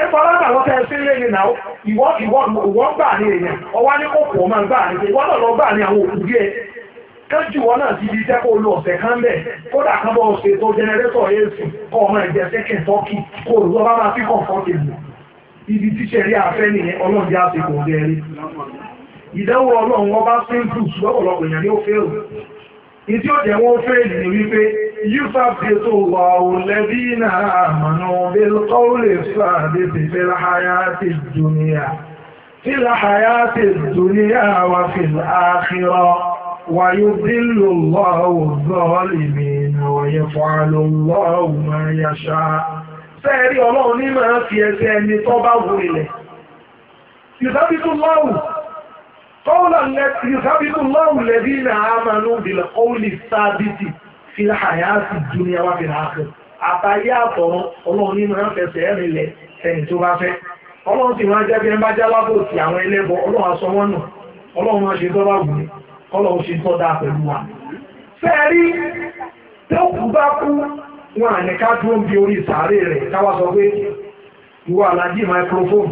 ẹ̀fọ́ alábàwọ́ tẹ́ sí lé ní náà ìwọ ìwọ ìwọ gbà ní èèyàn ọwá ní na pọ̀ máa gbà ní náà lọ gbà ní àwọn òkú díẹ̀ kájú wọn náà ti di iṣẹ́ kó ọ̀sẹ̀ kan bẹ̀ kódà kan ọ̀sẹ̀ tó jẹnẹrétọ̀ èsì kọ́ ọmọ ẹ̀jẹ̀ sẹ́kẹ̀ tọ́kì kó máa ibi tíṣẹ́ rí afẹ́ nìyẹn ọlọ́ọ̀dẹ́ ìdánwò ọlọ́run ọba ìtí ó jẹ́ wọ́n fẹ́ ní wípé yúfà pẹ̀tò wà ó lẹ́bí náà àmànà bẹ́lọ́kọ́ lè fàdé pẹ̀fẹ́ láhàyà ti dùnìyà tí láhàyà ti dùnìyà wà fi àkírọ wà yóò dínlò lọ́wọ́ zọ́ọ̀lìmí wọ̀nyẹ fọ́ọ̀lù lọ́wọ́ máa yàṣá sẹ́ẹ̀rí ọlọ́run ní máa fi ẹsẹ̀ ẹni tó bá wù ilẹ̀ ìsábítú lọ́wọ́ kọ́ọ̀lá yusabitu Allahu alladhina amanu bil qawli sábìtì fil hayati dunya wa àtàyé àtọ̀run ọlọ́run nínú ẹ̀fẹ̀sẹ̀ ẹ̀rin lẹ̀ ẹ̀yìn tó bá fẹ́ ọlọ́run sì máa jẹ́ bí ẹ bá já lábò sí àwọn ẹlẹ́bọ ọlọ́run aṣọ wọn nù ọlọ́run máa ṣe tọ́lá wa. fẹ́ẹ̀rí tó bá kú wọn ká dúró bí orí sọ pé ìwọ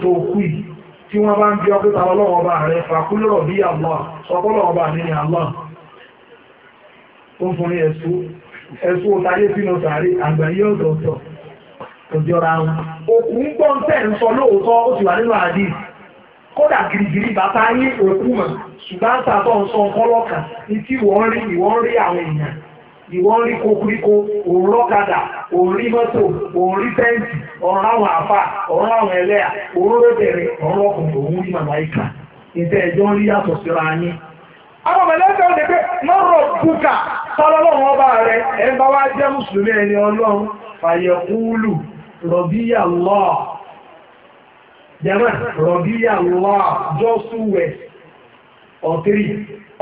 tó kú yìí tí wọ́n bá ń bí ọkúta ọlọ́wọ́ bá rẹ̀ fàkúlọ̀rọ̀ bí Allah sọpọ́lọ̀wọ́ ní Allah ó fún ní ẹ̀sù ẹ̀sù òtayé sínú sàárè àgbáyé ọ̀dọ̀ọ̀tọ̀ òjọra wọn òkú ń tẹ́ sọ lóòótọ́ ó sì wà nínú àdí kódà gìrìgìrì òkú mọ̀ ṣùgbọ́n ìwọ́n rí kokoríko òun ori òun ori mọ́tò ọrụ rí tẹ́ǹtì ọ̀rọ̀ àwọn àfà ọ̀rọ̀ àwọn ẹlẹ́à òun lóbẹ̀rẹ̀ ọ̀rọ̀ ọkùnrin òun rí màmá ìkà ìtẹ́ ẹjọ́ rí yàtọ̀ síra yín. àwọn mẹ̀lẹ́fẹ́ mọ́rọ̀ ọba bá wá jẹ́ mùsùlùmí ẹni ọlọ́run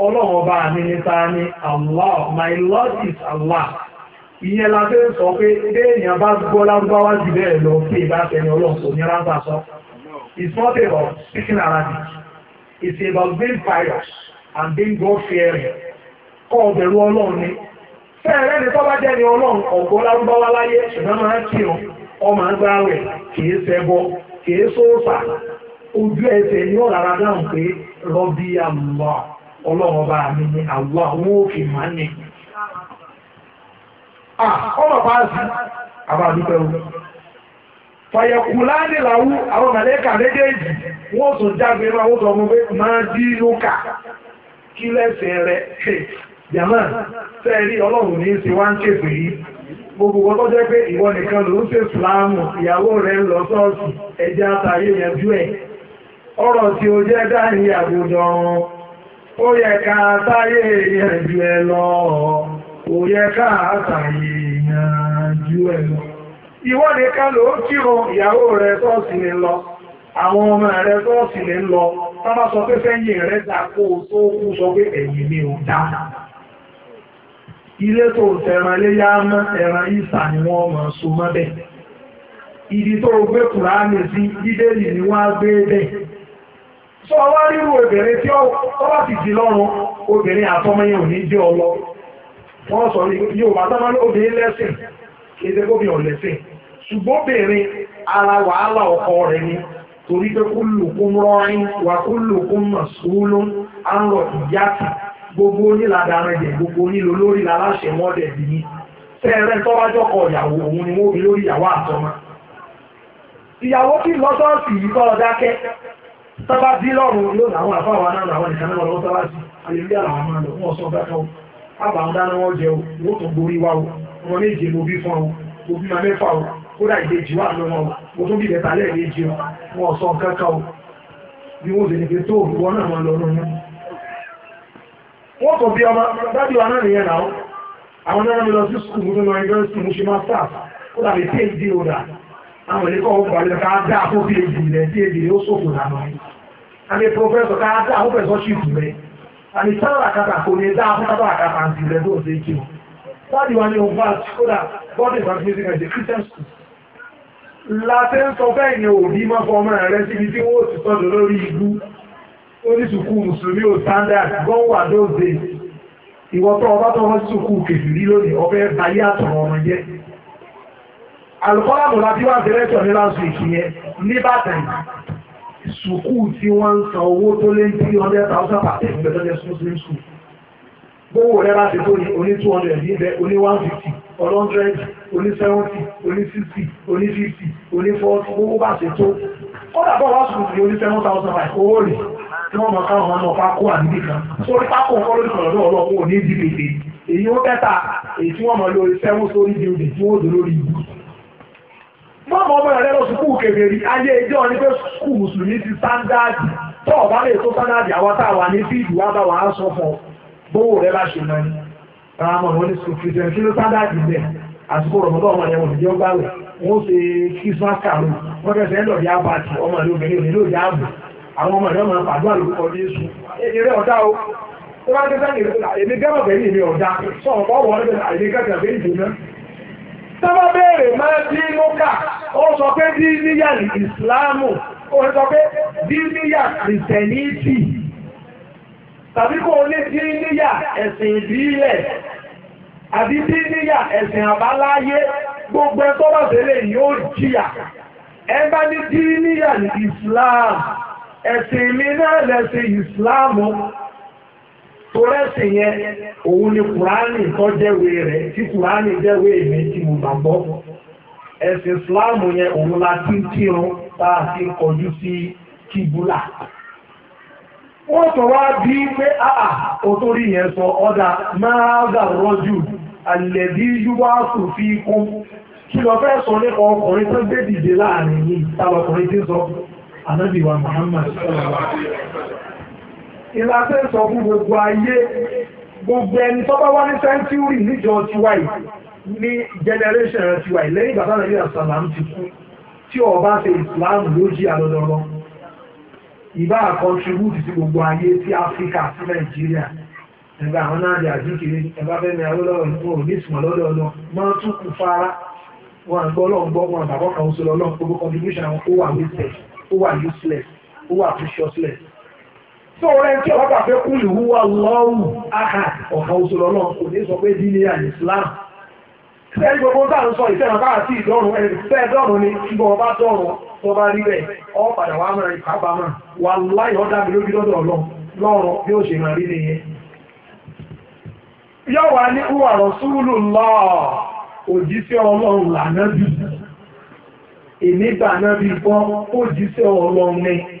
ọlọ́run ọba ni Allah my Lord is Allah ìyẹn la fẹ́ sọ pé béèyàn bá gbọ́ lárúbáwá jù bẹ́ẹ̀ lọ pé ìbá tẹ̀lé ọlọ́run kò ní sọ it's not about speaking Arabic it's about being pious and being God-fearing kọ́ ọ̀bẹ̀rù ọlọ́run ni fẹ́ẹ̀rẹ́ ni tọ́ba jẹ́ ni ọlọ́run ọ̀gbọ́ láyé ṣùgbọ́n máa ń kírun ọmọ kìí kìí sóòsà ojú ẹsẹ̀ ni ọlọ́run bá mi ní àwọn òfin máa ní. ọmọ sí àbá àdúgbò ẹ̀rọ fàyẹ̀kùlá níláwú àwọn mẹ̀lẹ́kà méjèèjì wọ́n tó jágbe ọmọ pé máa dí lókà kí lẹ́sẹ̀ rẹ̀ ṣe sẹ́ẹ̀rí ọlọ́run ní wá ń yìí gbogbo ọtọ́ jẹ́ pé ìwọ nìkan ló ń ṣe ìsìláàmù O yẹ ká táyé èèyàn ju ẹ lọ ó yẹ ká táyé ju ẹ lọ ìwọ ka ló kírun ìyàwó rẹ sọ́ọ̀sì lè lọ àwọn ọmọ rẹ sọ́ọ̀sì lè lọ tọ́bá sọ pé fẹ́yìn rẹ dàkó tó kú sọ pé ẹ̀yìn mi ò dá ilé tó tẹ̀ràn léyá mọ́ ẹ̀ràn ìsà ni wọ́n mọ̀ so mọ́ bẹ́ẹ̀ ìdí tó gbé sí ni wọn á gbé bẹẹ. sọ wá rírú obìnrin tí ó bá ti di lọ́rùn obìnrin ọlọ wọ́n sọ yóò bá tọ́mọ́ obìnrin lẹ́sìn kéde gómìn ọ̀lẹ́sìn ṣùgbọ́n obìnrin ara wàhálà ọkọ rẹ̀ ni torí pé rọrin wà á ń gbogbo jẹ gbogbo onílò lórí mọ́dẹ̀ tẹ́ẹ̀rẹ́ ìyàwó òun ni wọ́n fi lórí ìyàwó ìyàwó kí tọba dí lọ́rùn yóò láwọn àfáwà náà làwọn nìkan náà tọ́lá sí àlèlúyà làwọn máa lọ sọ bẹ́ẹ̀ o àbàwọn dáná wọn jẹ tó fún ọ obi máa mẹ́fà o kódà ìbejì wà lọ́wọ́ o mo tún bí ìbẹ̀ta lẹ́ẹ̀mejì o wọn sọ náà lọ bí ọmọ dájú wa náà And àmì pòfẹ́sọ̀ ká dá àwọn pẹ̀sọ̀ ṣìkù And àmì sára kàtà kò lè dá àwọn sábà kàtà àti rẹ̀ bó ṣe kí o láti wà ní ọgbà kódà bọ́dì ìfàmìlì ẹ̀jẹ̀ christian school láti ń sọ bẹ́ẹ̀ ni òbí máa fọ ọmọ rẹ̀ síbi tí wọ́n ti sọ́dọ̀ lórí ìlú oníṣùkú mùsùlùmí ò standard gọ́wà lóde ìwọ tó ọba tó wọ́n sùkú kèfìrí lónìí ọbẹ̀ báyé àtọ̀rọ̀ ọmọ jẹ́ alùpàdàmù láti wá sí lẹ́tọ̀ ní láti ìkìyẹn ní bàtà sùkú tí wọ́n ń san owó tó lé ní three hundred thousand per ten gbẹ̀dọ̀ jẹ́ muslim school gbówó rẹ̀ láti tó ní oní two hundred níbẹ̀ oní one fifty one hundred oní seventy oní sixty oní fifty oní forty gbówó bá ṣe tó kódà bọ́ wá sùkú ní oní seven thousand five owó rẹ̀ tí wọ́n mọ̀ káwọn ọmọ pákó àdúgbò kan sórí pákó nǹkan lórí kan lọ́dọ̀ ọlọ́wọ́ òní ìdí bèbè èyí ó bẹ́ta èyí tí wọ́n mọ̀ lórí seven sórí mọ́mọ́ ọmọ rẹ lọ sùkúù kèrè rí ayé ẹjọ́ ní pé sùkúù mùsùlùmí ti sáńdáàdì tó ọ̀bá lè tó sáńdáàdì àwọn tá a wà ní fíìdì wá bá wà á sọ fún ọ bówó rẹ bá ṣe náà ramọ wọn ní sùkúù kìrìtẹ̀ kí ló sáńdáàdì bẹ̀ àsìkò rọ̀mọ́dọ́ ọmọ rẹ wọn ìjọ gbà rẹ̀ wọ́n ṣe Christmas carol wọ́n fẹ́ sẹ́ńdọ̀ yá bàtì ọmọ rẹ obìnrin òní ló yá àbò àwọn ọmọ rẹ máa pàdó àlùkò Jésù eré ọ̀dá o tó bá dé sáyẹn èmi gẹ́gẹ́ bẹ̀rẹ̀ èmi ọ̀dá sọ̀rọ̀ bọ́ wọ́n rẹ̀ èmi gẹ́gẹ́ bẹ̀rẹ̀ ìdènà sábà béèrè máa dín mọ́kà ó sọ pé dín níyà ìsìláàmù ó sọ pé dín níyà kìrìsìtẹ́nìtì tàbí kò ní dín níyà ẹ̀sìn ìbílẹ̀ àbí dín níyà ẹ̀sìn àbáláyé gbogbo ẹ̀ bá tẹ̀lé yóò jìyà ẹ bá ní dín níyà ìsìláàmù ẹ̀sìn mi náà lẹ̀sìn ìsìláàmù torẹ́sì yẹn òun ni kùránì tó jẹ́wé rẹ̀ tí kùránì jẹ́wé mi tí mo gbàgbọ́ ẹ̀sìn islam yẹn òun la ti ń kírun tá a ti ń kọjú sí kíbúlà wọ́n wá bí pé àà yẹn sọ ọ̀dà máa gà rọ́jù àlẹ́bí yúwá kò fi kún kí lọ fẹ́ sọ nípa ọkùnrin tó gbé dìde láàrin yìí tá ti sọ ìlàfẹ́ sọ fún gbogbo ayé gbogbo ẹni tó bá wá ní sẹ́ńtúrì níjọ tiwa yìí ní generation rẹ̀ tiwa yìí lẹ́yìn bàbá nàìjíríà sàlám ti kú tí ọba ṣe ìsìláàmù lójí àlọ́dọ́rọ́ ìbá contribute sí gbogbo ayé sí áfíríkà sí nàìjíríà ẹgbà àwọn náà di àdúkìrí ẹgbà fẹ́mi awólọ́wọ̀ ìfún òní ìsìnmọ̀ lọ́dọ̀ ọlọ́ máa tún kù fara wọn àgbọ́ lọ́n gbọ́ wọn àbàbọ́ kan ó sọ lọ́n gbogbo contribution ó wà wasted ó wà useless ó wà preciousless tó rẹ̀ kí fẹ́ kú ìlú lọ́rùn àhà òṣèlú ọlọ́run kò ní sọ pé dílé àyè Islam sẹ́yìn gbogbo tá à ń sọ ìfẹ́ràn àti ìdọ́rùn ẹ̀ dọ́rùn ni ṣùgbọ́n ọba dọ́rùn rẹ̀ ọ wà máa máa wà lójú lọ́dọ̀ ọlọ́run bí ó ṣe máa rí nìyẹn. ní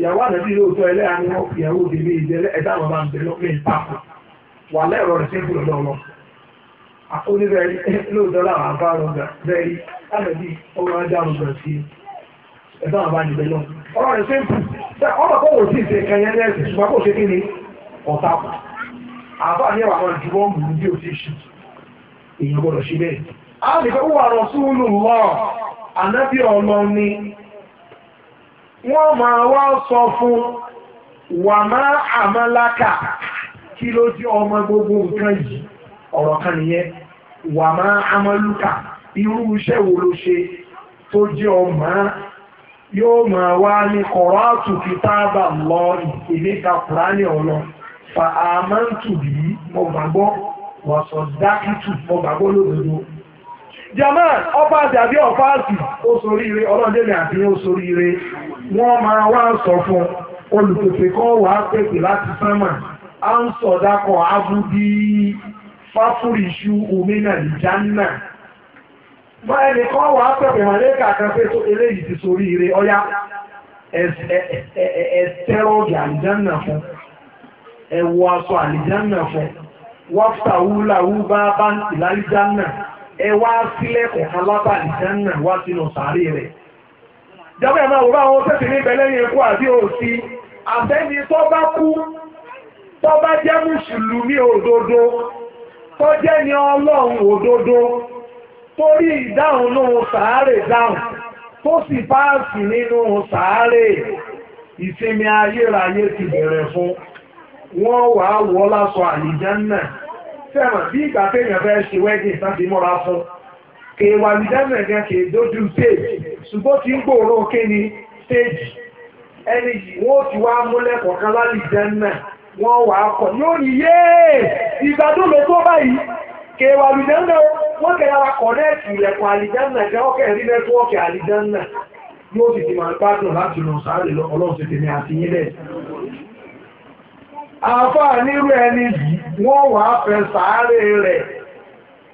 ìyàwó àdàbí lóòótọ́ ẹlẹ́yà ni wọ́n fi ìyàwó òde méjì ẹ̀dá àwọn bá ń bẹ̀ lọ́pẹ́ ìpapò wà lẹ́rọ rẹ̀ sí ìkúlọ̀ lọ́wọ́ oníbẹ̀rí lóòótọ́ làwọn àbá rọgbà bẹ́ẹ̀rí àdàbí ọmọ ajá rọgbà sí ẹ̀dá àwọn bá ń bẹ̀ lọ ọ̀rọ̀ rẹ̀ sẹ́ńpù ọ̀rọ̀ kọ́ wò sí ìṣe kẹyẹ lẹ́sìn ṣùgbọ́n kò ṣe kí ni ọ̀tá ti wọ́n ma wá sọ fún wà máa àmàlákà kí ló jẹ́ ọmọ gbogbo nǹkan yìí ọ̀rọ̀ kan nìyẹn wà máa àmàlúkà irú iṣẹ́ wo ló ṣe tó jẹ́ ọmọ yóò ma wá ní kọ̀rọ̀ àtùkí tábà lọ ìdíkà kùránì ọ̀nà fa àmántù yìí mo gbàgbọ́ sọ mo gbàgbọ́ lódodo ọba àti àbí ọ̀fáàsì wọ́n máa wá sọ fún olùpèpè kan wà á pèpè láti sánmà á ń sọ̀dákọ̀ abúdí fáfúrìṣù òmìnà ìjánà wọ́n ẹnì kan wà á pèpè màlẹ́kà pé eléyìí ti sórí ire ọ̀yá ẹ̀ẹ́dẹ́rọ̀gì àlìjánà fún aṣọ fún wọ́pútà wúláwú bá bá ń tì jọba ẹ̀mọ́ òwúrọ̀ àwọn tẹ́sì ní ìbẹ̀lẹ̀ yẹn kú àbí òsì àfẹ́ni tó bá kú tó bá jẹ́ mùsùlùmí òdodo tó jẹ́ ní ọlọ́run òdodo torí ìdáhùn nínú sàárè dáhùn tó sì páàsì nínú sàárè ìsinmi ayérayé ti bẹ̀rẹ̀ fún wọ́n wà á wọ́ lásọ àlìjẹ́ náà fẹ́ràn bí ìgbà téèyàn fẹ́ ṣe wẹ́gìn sábì mọ́ra fún kèèwà ìdámẹ̀ ní àkè dójú stage ṣùgbọ́n tí ń gbòòrò òkè ní stage ẹni yìí wọ́n ti wá múlẹ̀ kọ̀ọ̀kan lálẹ́ ìdámẹ̀ wọ́n wà á kọ̀ yóò ní yéè ìgbàdúgbò tó báyìí kèèwà ìdámẹ̀ wọ́n kẹ́ ara kọ̀nẹ́ẹ̀tì ilẹ̀kùn àlìdámẹ̀ kẹ́ ọkẹ́ rí nẹ́tíwọ́ọ̀kì àlìdámẹ̀ yóò sì ti máa gbádùn láti lọ sáré ọlọ́run ti tèmi àti yílẹ̀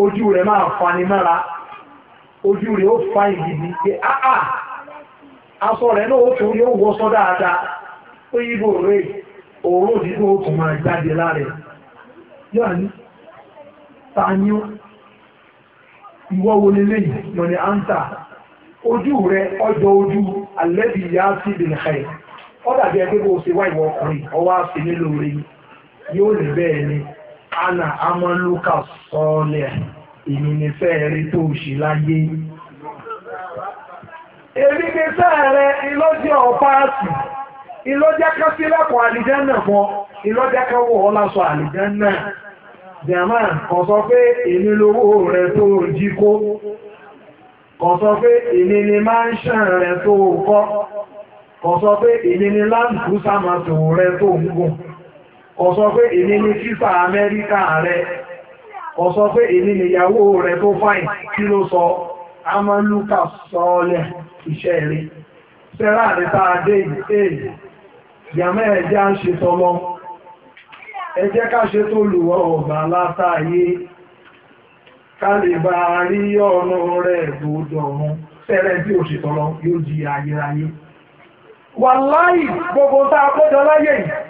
ojú rẹ̀ máa fani mára ojú rẹ̀ ó fa ìgbìdì pé áà aṣọ rẹ̀ náà ó tún yóò wọ́sọ dáadáa ó yíbo rẹ̀ òórùn dídùn ó tún máa jáde lára yóò ní tààyàn ìwọ́ wo lè léyìn lọ ni áńtà ojú rẹ̀ ọjọ́ ojú alẹ́bí ìyá sí ìbìnìkẹ́ ọ̀dàbí ẹgbẹ́ bó ṣe wá ìwọ ọkùnrin ọwọ́ àṣẹ nílò rẹ̀ yóò lè bẹ́ẹ̀ ni ana amọ́lúkà sọ́ọ̀lẹ̀ ìmìnifẹ́ rí tó ṣì láyé èrí ní sẹ́ẹ̀rẹ̀ ìlọ́jẹ́ ọ̀páàtì ìlọ́jẹ́ ká sílẹ̀kùn àlìjẹ́nà fọ́ ìlọ́jẹ́ ká wọ̀ ọ́ lásọ àlìjẹ́nà jẹ̀mọ́ kan sọ pé èmi lówó rẹ̀ tó jí kó kan sọ pé èmi ni máa ń ṣàn rẹ̀ tó kọ́ kan sọ pé èmi ni láǹkú sàmàtò rẹ̀ tó ń gùn ọ̀sọ̀ pé èmi ni fífà amẹ́ríkà rẹ ọ̀sọ̀ pé èmi ni ìyàwó rẹ tó fáìn kí ló sọ amálúkà sọ́ọ̀lẹ̀ iṣẹ́ rí sẹ́rà àdẹ́ta adé èyí ìyàmẹ́ ẹ̀jẹ́ à ń ṣe tọmọ ẹjẹ́ ká ṣe tó lùwọ́ ọ̀gbà látàyé ká lè bá rí ọ̀nà rẹ̀ gbòdọ̀run fẹ́rẹ́ bí ò ṣe tọrọ yóò di ayérayé wàláì gbogbo tá a kójọ láyé yìí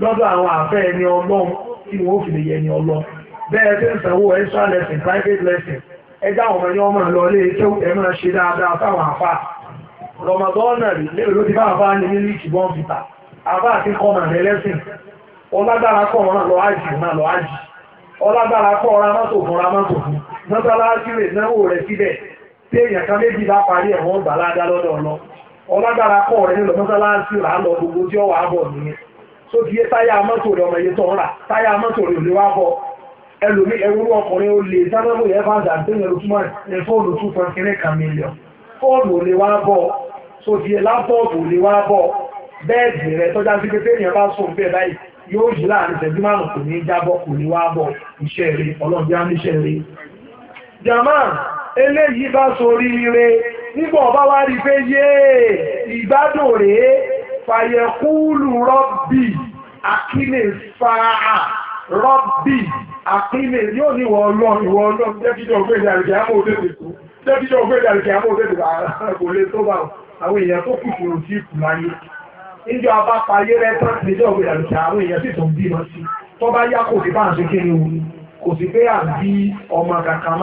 lọ́dọ̀ àwọn àfẹ́ ẹni ọlọ́run tí wọ́n fi lè yẹ ẹni ọlọ́run bẹ́ẹ̀ tí ń sanwó extra lesson private lesson ẹgbẹ́ ọmọ ẹni ọmọ lọ lé tó ẹ ṣe dáadáa fáwọn rọmọdọ́nà rí lérò ló ti bá ní fìtà àti rẹ lẹ́sìn lọ àjì náà lọ àjì ọlágbára kọ́ ọ̀ràn fún rẹ̀ náwó síbẹ̀ tí tó fi yé táyà mọ́tò rẹ̀ ọmọ iye tó ń rà táyà mọ́tò rẹ̀ ò lè wá bọ̀ ẹlòmí ẹwúrú ọkùnrin ó lè sábẹ́bù yẹn bá dà bí ẹlòmí túmọ̀ ní fóònù two point three kan mílíọ̀n fóònù ò lè wá bọ̀ sófì láptọ̀pù ò lè wá bọ̀ bẹ́ẹ̀dì rẹ̀ tọ́já sí pé èèyàn bá sùn bẹ́ẹ̀ báyìí yóò yí láàrin ìṣẹ́jú márùn kò ní jábọ̀ kò lè wá bọ̀ iṣẹ́ rẹ̀ ọlọ́ọ̀dẹ́ àmúṣẹ́ rẹ̀. jama eléyìí bá sorí ire nígbà ọba wá rí pé yéè ìgbádùn rèé fàyẹ̀kúlù rọ́bì àkínè fàá rọ́bì àkínè yóò ní ìwọ̀ ọlọ́run ìwọ̀ ọlọ́run jẹ́bíjọ́ ògbèdè àrìkẹ́ àmọ́ òdèdè tó jẹ́bíjọ́ ògbèdè àrìkẹ́ àmọ́ òdèdè kò lè tó bá àwọn èèyàn tó kù sí òjì ìkù láyé níjọ abá payé rẹ tán níjọ ògbèdè àrìkẹ́ àwọn èèyàn sì tó ń bímọ sí tó bá yá kò sí bá ń ṣe kí ni òun kò sí pé à ń bí ọmọ kankan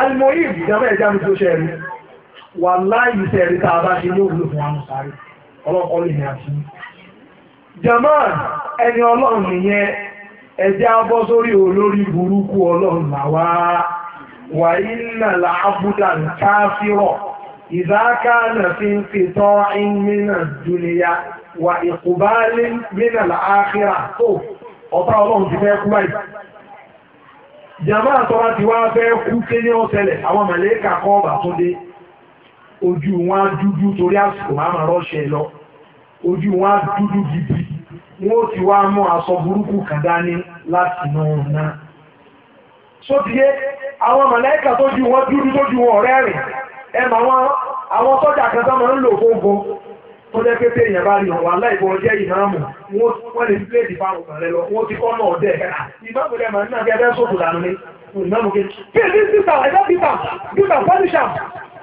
alimoyi ìjàmbá ẹ̀já mi tó ṣẹ̀rí wà láì tá a bá ṣe ní òwúlò fún àwọn sáré ọlọ́kọ́ lè ní àti. jama ẹni ọlọ́run nìyẹn ẹ̀jẹ̀ abọ́ sórí olórí burúkú ọlọ́run làwá wà ilẹ̀ làábùdà káfírọ̀ ìzáká náà fi ń fi tọ́ ìmìnà dúnìyà wà ìkùbálé mìnà làákírà tó ọ̀tá ọlọ́run ti fẹ́ kú báyìí jama àtọ́ra ti wá fẹ́ kú kéde ọ̀sẹ̀lẹ̀ àwọn màlẹ́kà kọ́ ọ̀bà tó dé ojú wọn á dúdú torí àsìkò máa lọ ojú wọn gidi wọn ó ti wá mú aṣọ burúkú kan dání láti inú ọ̀nà sótìyé àwọn mọ̀lẹ́kà tó ju wọn dúdú tó ju wọn ọ̀rẹ́ rìn ẹ mà wọn àwọn sọ́jà kan tó máa ń lò gbogbo tó jẹ́ pé téèyàn bá ọjẹ́ lọ ti kọ́ náà dẹ̀ ìmáàmù rẹ̀ máa ń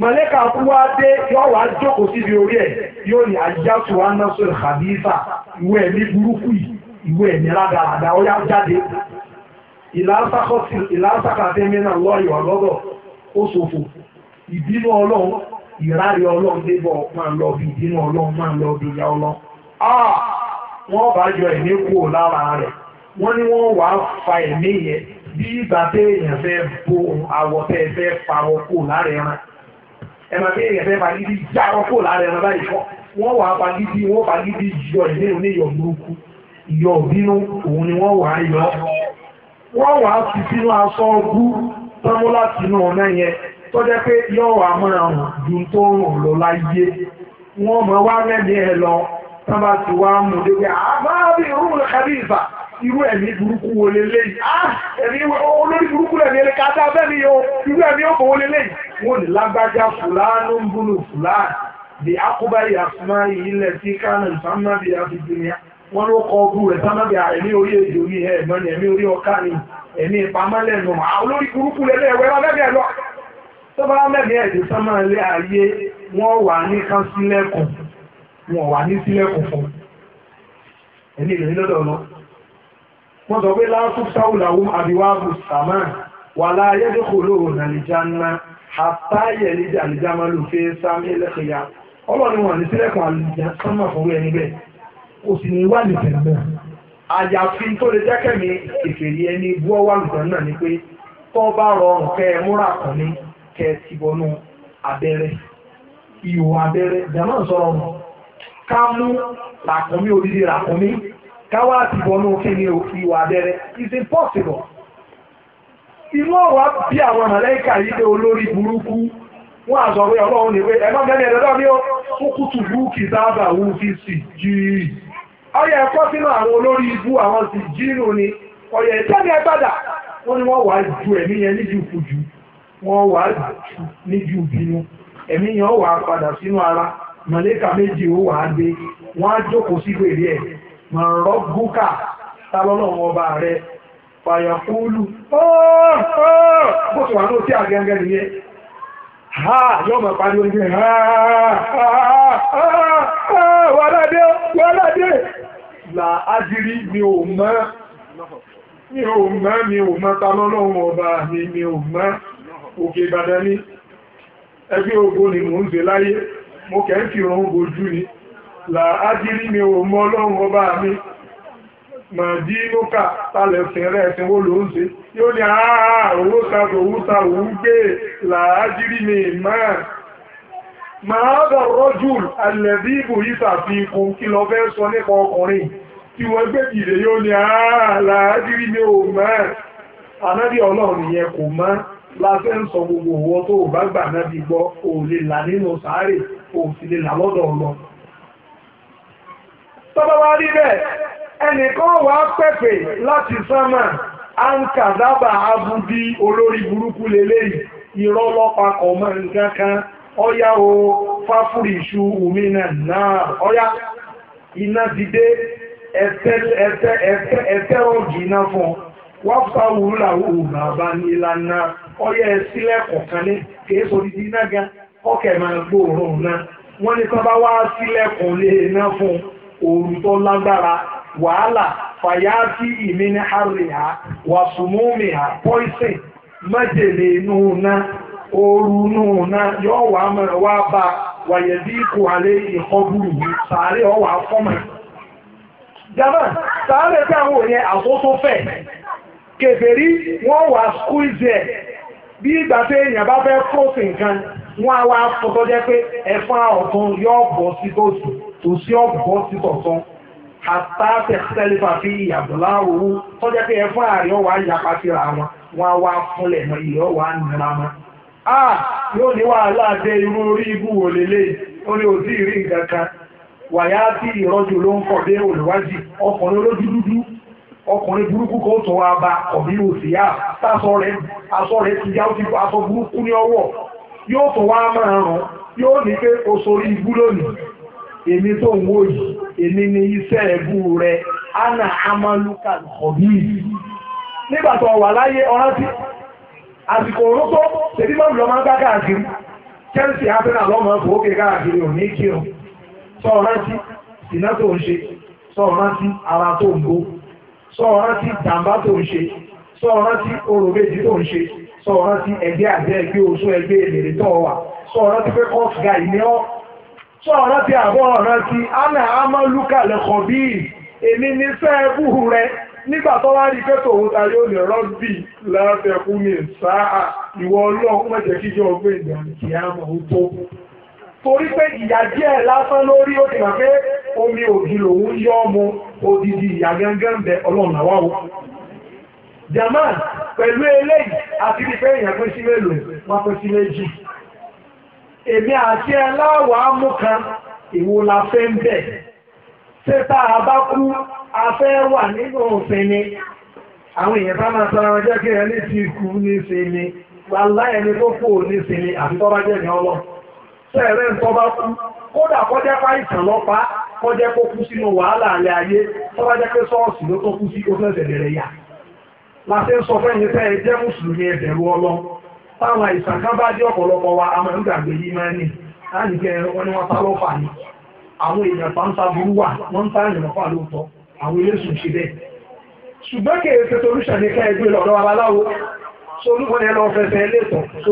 mọ̀lẹ́kà kú wá dé yóò wá jókòó síbi orí ẹ̀ yóò ní àjáṣù anásùn kàbífà ìwé ẹ̀mí burúkú yìí ìwé ẹ̀mí rádaràdà ó yá jáde ìlàásàkàtẹ́mẹ́nà lọ́yọ̀ lọ́dọ̀ ó ṣòfò ìbínú ọlọ́run ìrárí ọlọ́run débọ̀ máa lọ bí ìbínú ọlọ́run máa lọ bí ìyá ọlọ́run ah wọ́n bá yọ ẹ̀mí kú lára rẹ̀ wọ́n ní wọ́n wá fa ẹ̀mí yẹn bí ìgbà téèyàn fẹ́ bo àwọ̀ tẹ́ fẹ́ fa ọkọ̀ lára ẹran ẹ̀mọ̀ bí èèyàn fẹ́ balídí jáwọ́ kó lára ẹ̀mọ̀ báyìí kọ́ wọ́n wà balídí wọ́n balídí yọ ìdí òní yọ burúkú yọ bínú òun ni wọ́n wà á yọ wọ́n wà á fi sínú aṣọ ọgbú tọ́mú láti inú ọ̀nà yẹn tó jẹ́ pé yọ wà mọ́ra hàn ju tó ń rùn lọ láyé wọ́n mọ̀ wá mẹ́lẹ̀ ẹ̀ lọ tábà ti wá mú dé pé àbábí òun lọ́kàbí ìfà irú ẹ̀mí burúkú wo lélẹ̀ yìí ah, ẹ̀mí olórí burúkú lẹ̀mí ẹ̀rẹ́ ká dá bẹ́ẹ̀ ni o irú ẹ̀mí ó bọ̀ wo lélẹ̀ yìí wọ́n ní lágbájá fúlàánú ń búlù fúlàán bí akóbá ìyàfúnmá yìí ilẹ̀ tí kánà ìfàmà bí abidjan wọn ló kọ ọgbù rẹ̀ sámà bí ẹ̀mí orí èdè orí ẹ̀mọ́ ni ẹ̀mí orí ọ̀ká ni ẹ̀mí ìpamọ́ lẹ́nu olórí burúkú lẹ́lẹ́ ẹ̀wẹ́ bá bẹ́ẹ̀ lọ wọ́n sọ pé láàtún sáwùláwó àbíwáàbù sàmà wà láàyè dẹ́kọ̀ lóòrùn àlìjáná àtàyè níjà àlìjáná ló fẹ́ sámi ẹlẹ́kẹ̀yà ọlọ́ni wọn ní sílẹ̀kùn àlìjá sánmà fún ẹni bẹ́ẹ̀ kò sì ní wà lè tẹ̀lé àyàfi tó lè jẹ́kẹ̀mí ìfèrí ẹni bú ọ lùdán náà ni pé tó bá rọrùn kẹ́ ẹ múra kàn ní kẹ́ ẹ ti bọnú abẹ́rẹ́ ìhò abẹ́rẹ́ jàmọ́ sọ̀rọ̀ ká mú làkúnmí odidi làkúnmí káwá àti ìbọnú kí ni ìwà is impossible inú ọ̀rọ̀ bí àwọn mọ̀lẹ́kà yìí dé olórí burúkú wọ́n àzọ̀wé ọlọ́run ní pé ẹ̀gbọ́n gẹ́gẹ́ ẹ̀dọ́dọ́ ní ó kúkútù búùkì sáábà wù fi sì jíì ọyẹ ẹ̀kọ́ sínú àwọn olórí ibú àwọn sì ni ọyẹ ẹgbàdà wọ́n wọ́n ju ẹ̀mí yẹn wọ́n ju ẹ̀mí yẹn mọ̀ rọ́ búkà tálọ́lọ́wọ́ ọba rẹ̀ fàyàkúlù bóṣùwà náà tí àgẹ́gẹ́ ha yóò mọ̀ parí orí ha wàládé wàládé là ájírí mi ò mọ̀ mi ò mọ̀ mi ò mọ̀ tálọ́lọ́wọ́ ọba mi mi ò mọ̀ òkè Ìbàdàn ní ẹgbẹ́ ogun ni mò ń ṣe láyé mo kẹ́ ń fi ràn ojú ni là ájírí mi ò mọ ọlọ́run ọba mi màdínúkà tàlẹ̀sìn rẹ̀ ẹ̀sìn wo ló ń ṣe yóò ní àárá owó ta òwú ta òwú gbé là ájírí mi máa máa bọ̀ rọ́jù alẹ́bí ibò yìí ṣàfihàn kí lọ fẹ́ sọ nípa ọkùnrin tí wọ́n gbé ìdè yóò ní àárá là ájírí mi ò máa ànábì ọlọ́run yẹn kò mọ́ láfẹ́ ń sọ gbogbo owó tó bá gbà náà bí gbọ́ òun là nínú sàárè òun lè là lọ́dọ̀ ọlọ́run tọ́bá wá rí bẹ́ẹ̀ ẹnìkan wàá pẹ̀pẹ̀ láti sánmà à ń kàdábà abudi olórí burúkú lélẹ́yìí irọ́ lọ́pàá kọ̀ mọ́ nǹkan kan ọ̀yá o fáfúrì òmìnà náà ọ̀yá iná ti ẹ̀tẹ́ ọ̀gì iná fún ọ wáfà wúlà òògùn àbá ní ìlànà òòrùn tó lágbára wàhálà fàyàtì ìmíní àríhà wàsùmùmíhà pọ́ìsìn májèlé inú náà ooru nù na yóò wà mẹ́rẹ̀ wá bá wàyẹ̀ bí kò alẹ́ ìkọbúrù sàárẹ̀ ọwà fọ́mọ̀ jama sàárẹ̀ tí àwọn òyìn àkótó fẹ́ kèfèrí wọ́n wà skúìzì ẹ̀ bí ìgbà pé èèyàn bá fẹ́ fóòsì nǹkan wọ́n á wá fọ́tọ́ jẹ́ pé ẹ̀fọn ọ̀tún yóò bọ̀ sí gòsì òsì ọ̀bọ̀ sí tọ̀tọ̀ àtàtẹ̀ tẹ́lifà fi ìyàbọ̀lá owó tọ́jà pé ẹ fún ààrẹ ọwà yapa síra wọn wọn wá fúnlẹ̀ mọ ìyẹ ọwà nira wọn. a yóò ní wàhálà dé irú orí ibú wò lélẹ̀ ó ní òsì ìrí nǹkan kan wàyà tí ìrọ́jù ló ń kọ̀ dé olùwájì ọkùnrin olójú dúdú ọkùnrin burúkú kan tó wá bá ọ̀bí òsì yá tásọ rẹ̀ aṣọ rẹ̀ ti yá ti aṣọ burúkú ní ọwọ́ yóò tó wá máa rán yóò ní pé oṣoorí èmi tó ń wò yìí èmi ni iṣẹ́ ẹ̀bù rẹ ana amaluka kọ̀bí nígbà tó wà láyé ọ̀rá sí àsìkò orúkọ tèmi máa ń lọ máa ń gbá káàkiri Chelsea abẹ́rẹ́ àlọ́mọ ọkọ̀ òkè káàkiri ò ní kí o sọ ọ̀rá sí ìná tó ń ṣe sọ ọ̀rá sí ara tó ń bó sọ ọ̀rá sí jàǹbá tó ń ṣe sọ ọ̀rá sí orò méjì tó ń ṣe sọ ọ̀rá ẹgbẹ́ àgbẹ̀ ẹgbẹ́ oṣù ẹgbẹ́ èlèrè tó wà sọ ọ̀rá sí pé kọ́ọ̀sì tí ti àbọ̀ ọ̀rọ̀ ti ana amaluka lẹ́kọ̀ọ́ bí èmi ní sẹ́ẹ̀bù rẹ nígbà tó wá rí pé tòun ta yóò lè rọ́bì lábẹ́kún mi sáà ìwọ ọlọ́run má jẹ́ kíjọ ọgbẹ́ ìgbàlè kí á mọ̀ ó tó torí pé ìyà díẹ̀ lásán lórí ó ti mọ̀ pé omi ògì lòun yọ́ ọmọ odidi ìyà gángan bẹ ọlọ́run àwáwọ̀ jaman pẹ̀lú eléyìí àti pípẹ́ èèyàn pín sí mélòó wọ́n pín sí méjì èmi àti ẹ láwọ̀ ámú kan ìwò la fẹ́ ń bẹ̀ ṣé tá a a wà nínú òfin ni àwọn èèyàn bá máa tọrọ kí ẹni kú ni wàlá ẹni tó kú ni àti tọ́ba jẹ́ ní ọlọ́ sẹ́ẹ̀rẹ́ ń tọ́ba kú kọjá pa ìtàn lọ́pàá kọjá kó kú wàhálà alẹ́ ayé tọ́ba jẹ́ pé sọ́ọ̀sì ló tó kú sí fẹ́ bẹ̀rẹ̀ yà ń sọ táwọn àìsàn kan bá dé ọ̀pọ̀lọpọ̀ wa a máa ń gbàgbé yìí máa ní láti ni sá àwọn èèyàn ń sá burú wà wọ́n ń lóòótọ́ àwọn eléṣù ṣe bẹ́ẹ̀ ṣùgbọ́n kèrè ṣe solúṣà ní kẹ́ẹ̀gbé lọ́dọ̀ abaláwo solúkọ àwọn àfẹ́ lọ sí tù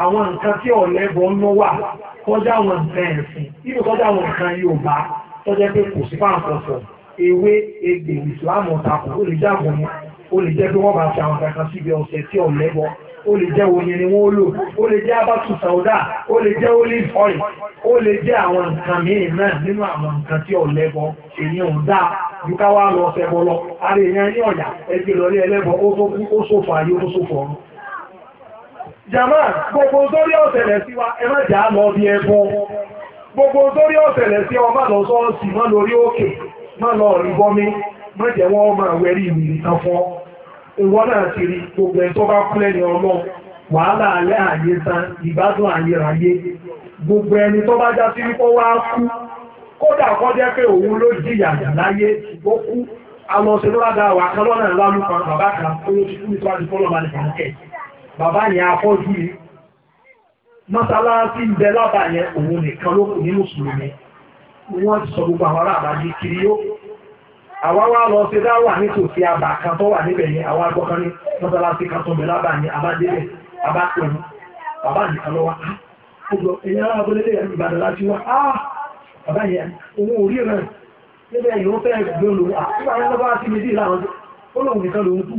àwọn nǹkan tí ń wà kọjá àwọn nǹkan ẹ̀sìn àwọn nǹkan tọ́jẹ́ pé ewé egbè ìsìláàmù ọ̀tàkùn ó lè jẹ́ àbọ̀yìn ó lè jẹ́ bí wọ́n bá ṣe àwọn kankan síbi ọ̀sẹ̀ tí ò lẹ́bọ ó lè jẹ́ oyin ni wọ́n lò ó lè jẹ́ abatu sauda ó lè jẹ́ olive oil ó lè jẹ́ àwọn nǹkan míì náà nínú àwọn nǹkan tí ò lẹ́bọ èyí ò dáa ju ká wá lọ ṣẹbọ lọ ara èèyàn ní ọ̀yà ẹgbẹ́ lọ́rí ẹlẹ́bọ ó tó kú ó ṣòfò ayé ó ṣòfò ọ̀run. jama gbogbo sórí ọ̀sẹ̀lẹ̀ sí wa ẹ má jà á lọ bí ẹbọ gbogbo sórí ọ̀sẹ̀lẹ̀ sí ọmọ lọ sọ́ọ̀sì mọ́ lórí òkè má lọ rí bọ́mí má jẹ́ wọ́n máa wẹ̀rí ìwìrì tán fún ọ. ìwọ náà ti rí gbogbo ẹni tó bá kú ní ọlọ́run wàhálà alẹ́ àyè san gbogbo ẹni tó bá já sí wípé wá kú kódà kọ́ pé òun ló jìyà láyé ó kú àwọn wà bàbá kan tó ti kú bàbá wọ́n sọ gbogbo àwọn awara yìí kiri yó àwa wá lọ sí dáwà nítòsí àbà kan tó wà níbẹ̀ yẹn àwọn agbọ́kan ní mọ́sálásí kan tó ń lábà ní abádébẹ̀ abápẹ̀rún bàbá nìkan lọ́wọ́ á gbogbo ẹ̀yìn ará abúlé lè ìbàdàn láti wá á bàbá yẹn òun ò rí rẹ̀ níbẹ̀ yìí ó fẹ́ gbé nígbà mi dì láwọn nìkan lòun kú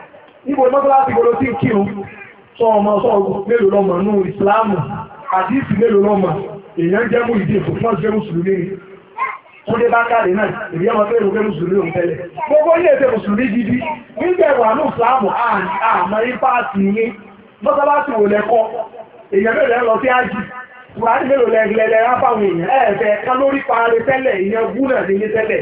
níbo ní mọ́tọ́lá ti gbọ́dọ̀ tí ń kírun sọ ọmọ sọ mélòó lọ́mọ nú ìsìláàmù àdìsí mélòó lọ́mọ èèyàn jẹ́ mú ìdí èkó fún ọjọ́ mùsùlùmí ni wọ́n dé bá káàdì náà èyí ọmọ tó èrò pé mùsùlùmí òun tẹ́lẹ̀ gbogbo ilé ẹ̀sẹ̀ mùsùlùmí gidi nígbà ẹ̀wà ní ìsìláàmù àmọ́ ipá ti yín mọ́tọ́lá ti wò lẹ́kọ́ èèyàn mélòó lẹ́ lọ sí ájì kùràdì mélòó lẹ́ lẹ́ lẹ́ ráfàwọn èèyàn ẹ̀ẹ́fẹ́ ká lórí parí tẹ́lẹ̀ ìyẹn gúnà nílé tẹ́lẹ̀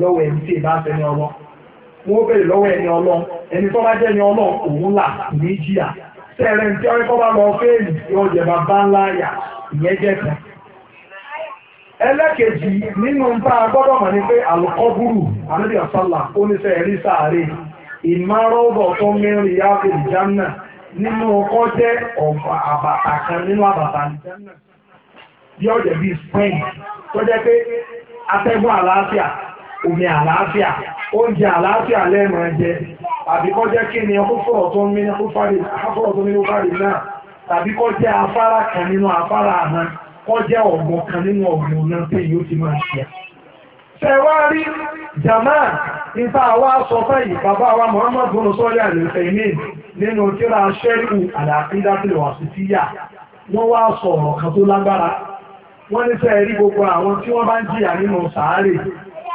lọ́wọ́ ẹni tí ìbá ṣe ní ọlọ́ wọ́n bèrè lọ́wọ́ ẹni ọlọ́ ẹni tó bá jẹ́ ní ọlọ́ òun là ní jìyà sẹ́ẹ̀rẹ̀ ní ọ̀rẹ́ kọ́ bá lọ fẹ́ẹ̀lì yóò jẹ bá ńlá yà ìyẹn jẹ́ kan. nínú gbọ́dọ̀ mọ̀ ni pé ó ní sẹ́ẹ̀ rí tó mẹ́rin yá jánà nínú ọkọ́ jẹ́ àbàtà kan nínú àbàtà bí bíi omi àlàáfíà oúnjẹ àlàáfíà lẹ́ẹ̀mọ̀ jẹ àbí kọ́ jẹ́ kí ni ọkọ́fọ́rọ̀ tó ní ọkọ́fọ́rọ̀ náà tàbí kọ́ jẹ́ afárá kan nínú afárá àná kọ́ jẹ́ ọ̀gbọ̀n kan nínú ọ̀gbọ̀n náà pé yóò ti máa ṣe tẹ̀wárí jamaa nípa àwa sọ fẹ́yì bàbá wa Muhammad bin sọ́lé àlẹ́fẹ̀mí nínú kíra ṣẹ́rù àlàkídátìlẹ̀ wàsítíyà wọ́n wá sọ ọ̀rọ̀ kan tó lágbára wọ́n ní sẹ́ẹ̀rí gbogbo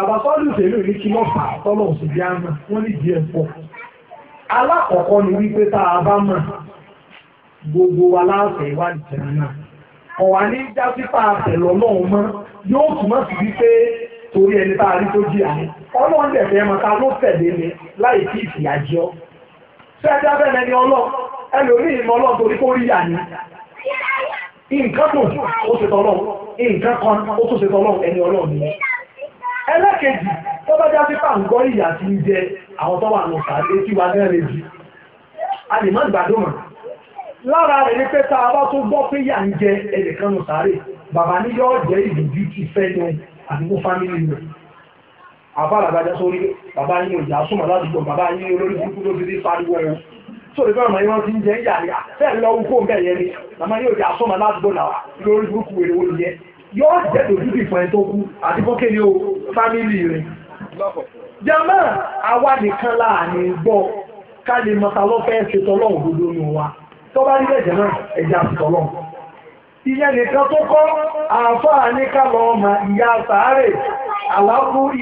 bàbá sọ́ọ́lù ìṣèlú ní kí wọ́n fà tọ́lọ̀ sí bí a mọ̀ wọ́n lè di ẹ̀pọ̀ alákọ̀ọ́kọ́ ni wípé tá a bá mọ̀ gbogbo wa láàfẹ́ ìwádìí jẹun náà ọ̀wà ní jásípà àtẹ̀lọ́ náà mọ́ yóò túmọ̀ sí wípé torí ẹni tá a rí tó jìyà ní ọlọ́run dẹ̀ fẹ́ mọ ta ló tẹ̀lé mi láì sí ìfìyà jọ ṣé ẹja bẹ́ẹ̀ ni ọlọ́ ẹlòmíì mọ ọlọ́ torí kó rí yà ní nǹkan tó ó ṣe tọ́lọ́ nǹkan kan ó tó ṣe tọ́lọ́ ẹni ọlọ́run ni ẹlẹ́kejì tó bá já pípà ń gọ́ ìyà tí ń jẹ àwọn tó wà lọ́sà àti tí wà náà lè jì a lè má gbàdúmọ̀ lára rẹ̀ ní pé tá a bá tó gbọ́ pé ìyà ń jẹ ẹnìkan lọ sáré bàbá ní yọ́ jẹ́ ìdòjú ti fẹ́ ní àdúgbò fámìlì rẹ̀ àbá làgbàjá sórí bàbá yín ò jà súnmọ́ ládùúgbò bàbá yín olórí burúkú ló fi dé pariwo wọn tó lè fẹ́ràn ìwọ́n ti ń jẹ ìyà ní à fẹ́ẹ̀ lọ́wọ́ kó ń bẹ̀ yẹn ni màmá yóò jà súnmọ́ ládùúgbò làwà lórí burúkú wèrè wọ́n yẹn yóò jẹ́ lójúbì fún tó kú àti ni o fámìlì rẹ̀. jama Awa nìkan láàánú gbọ́ ká lè mọ̀ta lọ́fẹ́ ṣe gbogbo nù wa tó bá nílẹ̀ jẹ́ náà ẹ̀jẹ̀ àtìtọ́lọ́hùn. ìyẹn nìkan tó kọ́ àǹfààní ọmọ ìyá sàárè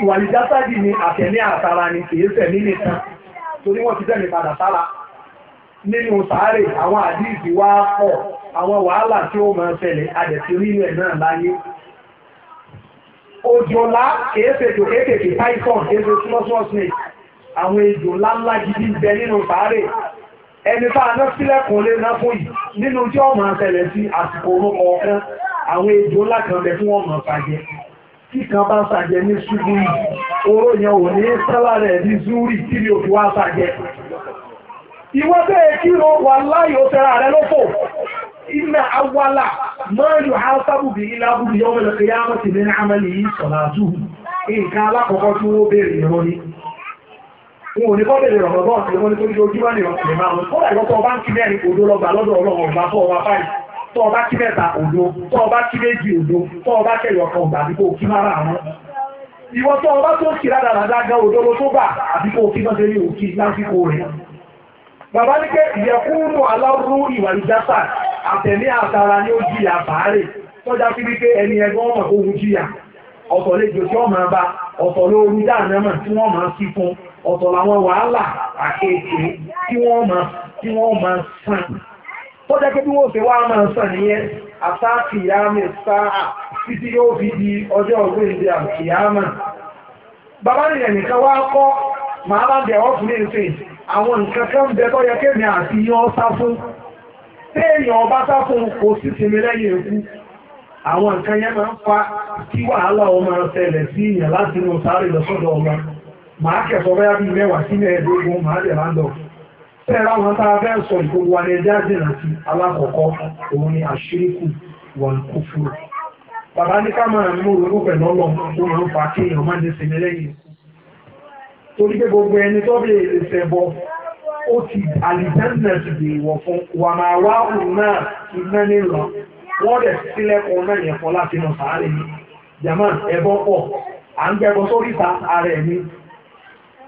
ìwà ìjásádì ni ni nínú sàárè àwọn àdíìsì wá pọ̀ àwọn wàhálà tí ó máa ṣẹlẹ̀ adẹ̀tí orílẹ̀ náà láyé òjòlá kéèfètò kéèkèé python kéèfè small snake àwọn ejò ńláńlá gidi bẹ nínú sàárè ẹni tá a ná sílẹ̀kùn lé ná fún yìí nínú tí ó máa ṣẹlẹ̀ sí àsìkò orúkọ ọ̀kan àwọn ejò ńlá kan bẹ tí wọ́n máa ṣàjẹ́ tí kan bá ṣàjẹ́ ní ṣubú yìí oró yẹn ò ní sẹ́lá rẹ̀ ní ìwọ bẹ́ẹ̀ kí ló wà láyò tẹ́ra rẹ lọ́pọ̀ iná awala mọ́ọ̀lù alábùbí ilábùbí yọ́mọ̀ lọ́kẹ́ yá mọ́ sí nínú amẹ́lì yìí sọ̀rọ̀ àjú nǹkan alákọ̀ọ́kọ́ tí wọ́n béèrè ìrọ́ ni wọn ò ní kọ́ ọ̀rọ̀ tó ọba ń lọ́gbà lọ́dọ̀ tó ọba babalike ní pé Iwari aláwúrú ìwà ìjásà àtẹ̀lé àtara ní ó jìyà bàárè tọ́já sí wípé ẹni ọmọ ogun jìyà ọ̀tọ̀ lẹ́jọ tí máa bá ọ̀tọ̀ lóoru dáàmẹ́mọ̀ tí wọ́n máa sí fún ọ̀tọ̀ làwọn wàhálà àkẹ́ẹ̀kẹ́ tí wọ́n máa sàn tọ́já pé bí wọ́n fẹ́ wá máa sàn nìyẹn fi di ọjọ́ nìkan wá kọ́ màá àwọn nǹkan kan bẹ tó yẹ kéèmì àti yán sá fún téèyàn ọba sá fún kò sì sinmi àwọn nǹkan máa ń fa kí wàhálà ọmọ ṣẹlẹ̀ sí ìyàn láti inú sáré lọ́sọ̀dọ̀ ọmọ màá mẹ́wàá sí mẹ́ẹ̀ẹ́dógún màá dẹ̀ láńdọ̀ tá a fẹ́ sọ ìgbogbo wa ní ẹjẹ́ àjìnà sí alákọ̀ọ́kọ́ òun ni àṣíríkù wọn kò fúrò bàbá ní ká máa mú pẹ̀lú torí pé gbogbo ẹni tó bí ti àlìjáńdà ti dè fún wà máa wá òun náà iná nílọ wọ́n dẹ̀ sílẹ̀kùn náà yẹn fọ́ láti nà sáré ni jama ẹbọ pọ̀ à ń sórí ara ẹ̀ ni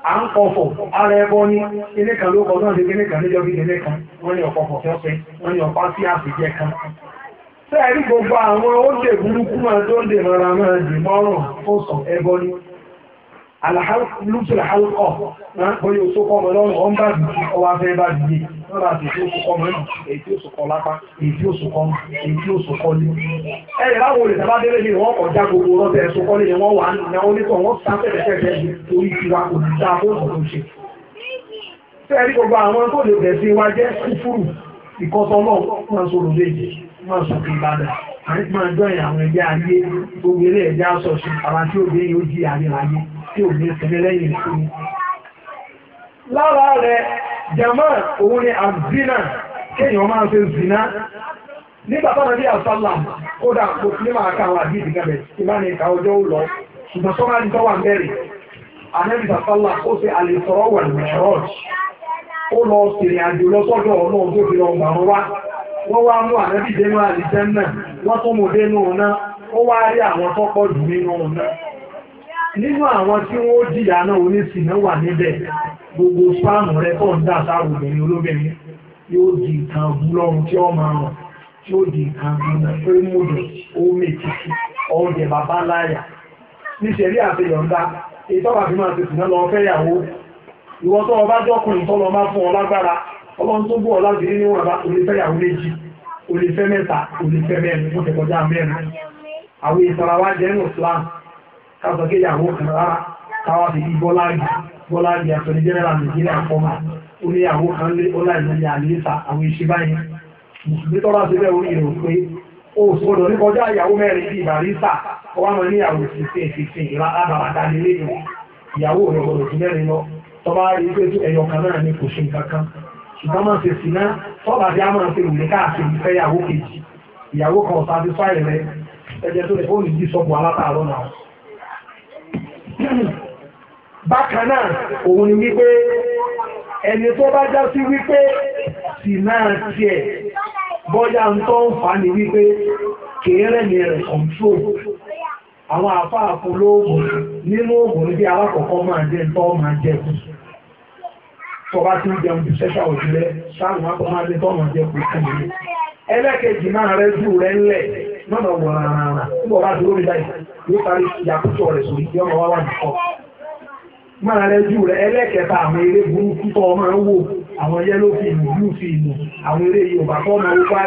à ń kọfọ̀ ara ẹbọ ní ilé kan ló kọ náà sí ilé kan gbogbo àwọn oúnjẹ burúkú máa tó ń dè mọ́ra máa dè lùsùlù àwùkọ̀ bóyí oṣù kọmọ lọ́rùn ọmọ bá dì í ọwá fẹ́ bá dì í wọ́n bá tètè oṣù kọmọ náà èyí oṣù kọ lápá èyí oṣù kọ èyí oṣù kọ ní. ẹ yẹ láwọn olè sábà délé ní wọn kọjá gbogbo rọbẹ ẹṣù kọ lẹ́yìn wọn wà ní àwọn onítọ̀ wọn sá pẹ̀lẹ́pẹ̀lẹ́ torí tiwa kò ní dáa bó ọ̀dọ̀ ṣe. sẹ́ẹ̀rí gbogbo àwọn tó lè bẹ̀ sí wa jẹ́ kúfúrù ìkọ́tọ́lọ́ máa sọ̀rọ̀ léjì máa sọ kí ìbàdàn àti máa jọyìn àwọn ẹgbẹ́ ayé gbogbo ilé ẹ̀jẹ̀ àṣọṣe àwọn tí òbí yóò jí àríwáyé tí òbí ìsinmi lẹ́yìn ìsinmi. lára rẹ̀ jama òun ni azina kéèyàn máa ṣe zina nígbà táwọn bí àṣàlà kódà kò sí máa ka àwọn àdìsí gàbẹ̀ tí máa ní ìka ọjọ́ ó lọ ṣùgbọ́n sọ́mọ́ àdìsọ́wà ń bẹ̀rẹ̀ àdìsí àṣàlà ó ṣe àlè sọ̀rọ̀ wà ní ó lọ ṣèrìn àjò lọ́sọ́dọ̀ ọlọ́run tó fi lọ gbà wá wọ́n wá mú ànábì dénú àlìjẹ́ náà wọ́n tó mú dénú ọ̀nà ó wá rí àwọn tó pọ̀ jù nínú ọ̀nà nínú àwọn tí wọ́n jìyà náà oníṣìnà wà níbẹ̀ gbogbo rẹ̀ tó ń obìnrin olóbìnrin tí ó tí ó di nǹkan ìwọ tó ọba jọ́kùnrin tọ́lọ máa fún ọ lágbára ọlọ́run tó bú ọ láti rí níwọ̀n bá olùfẹ́ yàwó méjì olùfẹ́ mẹ́ta olùfẹ́ mẹ́rin mú tẹ̀kọjá mẹ́rin àwọn ìsarawa jẹ́nu Islam kásọ̀kè yàwó kan rárá káwá fi bí bọ́láàgì bọ́láàgì àtọ́ni jẹ́nẹ́rà Nàìjíríà fọ́mà oníyàwó kan lé ọláìlú àlẹ́sà àwọn ìṣẹ́ báyìí mùsùlùmí tọ́lá sí bẹ́ẹ̀ orí ìrò pé sọ́dọ̀ ní kọjá ìyàwó mẹ́rin bí ìbàrísà ọwá mọ̀ níyàwó sí sí ìfìsìn ìlà àbàràdà nílé ìyàwó rẹ̀ gbọ́dọ̀ lọ tọba rí pé ẹyọ kan náà ni kò ṣe kankan ṣùgbọ́n máa ṣe sí náà tọ́ba bí a máa ṣe òwe ìyàwó kejì ìyàwó kan ọ̀sán àti fáì rẹ ẹ̀jẹ̀ tó lè yìí sọ́bù bákan ni wípé ẹni tó bá já sí wípé sì náà tiẹ̀ ń tọ́ ń fà ní wípé rẹ̀ àwọn nínú òògùn tọba tí ń jẹun jù sẹ́ṣà òjìlẹ̀ sáàmù akọ́mọdé tọ́nà jẹ kò fún mi ẹlẹ́kẹ̀jì máa rẹ jù rẹ ńlẹ̀ mọ́nà wọ̀ rárá nígbà bá dúró nígbà yìí yóò parí ìyàkútọ̀ rẹ̀ sórí tí ọmọ wa wà nìkọ́ máa rẹ jù rẹ ẹlẹ́kẹta àwọn eré burúkú tó ọmọ ń wò àwọn yẹ́lò fíìmù blue fíìmù àwọn eré Yorùbá tó ọmọ ó bá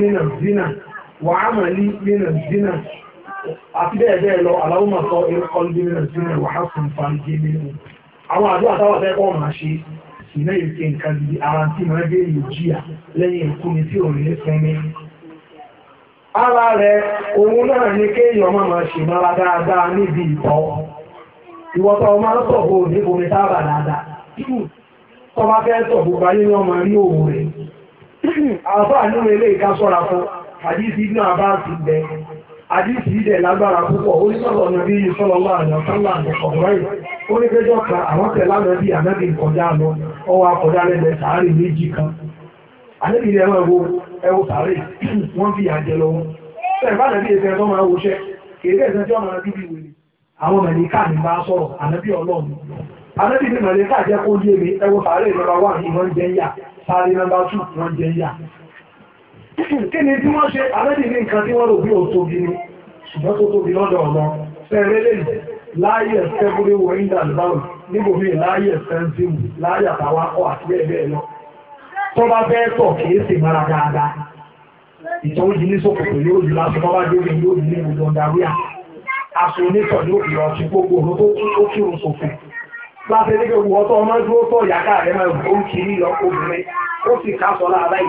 ìrìn ẹgbẹ́ wa àti bẹ́ẹ̀ bẹ́ẹ̀ lọ aláwọ̀mà sọ irúkọ lóbìnrin sí ní wàhálà fún fàájì nínú àwọn àdúrà táwọn fẹ́ kọ́ máa ṣe ìná ìrìnkè nǹkan di ara tí máa dé ìlú jìyà lẹ́yìn ikú ni tí ò ní fún mi. ara rẹ̀ òun náà ni kéèyàn máa máa ṣe mára dáadáa níbi ìtọ́ ìwọ́tọ̀ ọmọ sọ̀bù oníbomi tábà dáadáa tọ́ba fẹ́ sọ̀ gbogbo ayé ni ọmọ rí òun rẹ̀ àbá nínú ilé ìkásọ́ra fún àdìsí ibùdó àbá ti bẹ̀rẹ̀ àdíṣì ilẹ̀ lágbára púpọ̀ ó sọ̀rọ̀ nàbí sọ́lọ́lá àyànsánlá ọ̀rẹ́ ó ní péjọ kan àwọn tẹ̀lá nàbí ànábì kọjá lọ ọwọ́ akọjá lẹ́lẹ̀ sàárì méjì kan ànábì ilẹ̀ ẹ̀rọ ẹ̀wọ̀ ẹ̀wọ̀ sàárì wọ́n fi àjẹ lọ wọn bẹ́ẹ̀ bá nàbí tó máa wọ́n kí ni tí wọ́n ṣe àrẹ́dì ní nǹkan tí wọ́n rò bí o tóbi ni ṣùgbọ́n tó tóbi lọ́dọ̀ ọ̀nà fẹ́rẹ́ lè láyé ẹ̀sẹ́gbórí wo indal báwọ̀ níbo mi láyé ẹ̀sẹ́ntíwù láyé àtàwà kọ́ àti bẹ́ẹ̀ bẹ́ẹ̀ lọ tó bá fẹ́ tọ̀ kìí sì mara dáadáa ìtọ́wó di ní sókòtò yóò di láti tó bá débẹ̀ yóò di ní gbogbo ọ̀dàríà aṣọ onítọ̀ ní òkè ọ̀tún gbogbo òun tó kún ó kírun sòfò láti ní gbogbo ọtọ ọmọ dúró tọ̀ yàká rẹ̀ máa ń kiri lọ obìnrin ó sì ká sọ láàbáyé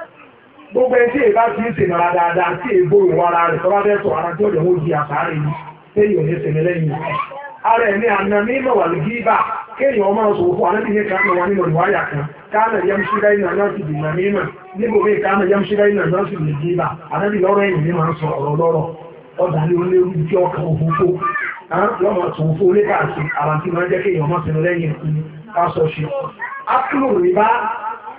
gbogbo ezi tí si ti ń sèmọ̀ra dáadáa tí èbó ìwọ ara rẹ̀ tọ́lá fẹ́ sọ ara tí ó lè wọ́n di àtàrí yìí téèyàn ní sèmi lẹ́yìn ara ẹ̀ ní àná mímọ̀ wà lójú ibà kéèyàn ọmọ ọ̀sọ̀ òfò alẹ́bíyẹ kan wà nínú ìwáyà kan káàmà yẹm ṣíra iná náà sì dìgbà mímọ̀ níbo bí káàmà yẹm ṣíra iná náà sì dìgbà alẹ́bí lọ́rọ̀ ẹ̀yìn ọ̀rọ̀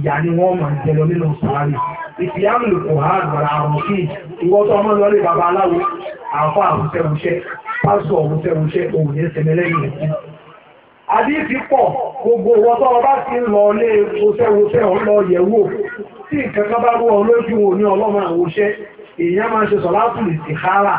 ìyá ni wọ́n máa ń jẹ lọ nínú sàárì ìfìyàmù kò há àgbàrá àwọn kí ìwọ tó ọmọ lọlé bàbá aláwo àfọ àwùsẹwùsẹ pásọ àwùsẹwùsẹ òun ní sẹmẹlẹyìn ẹkú. àdìsí pọ̀ gbogbo ìwọ tó ọba ti ń lọ lé wọsẹwọsẹ ọ̀ ń lọ yẹ̀wò tí nǹkan kan bá rú ọ lójú wo ní ọlọ́mọ àwòṣẹ èèyàn máa ń ṣe sọ̀láàtù ìsìkára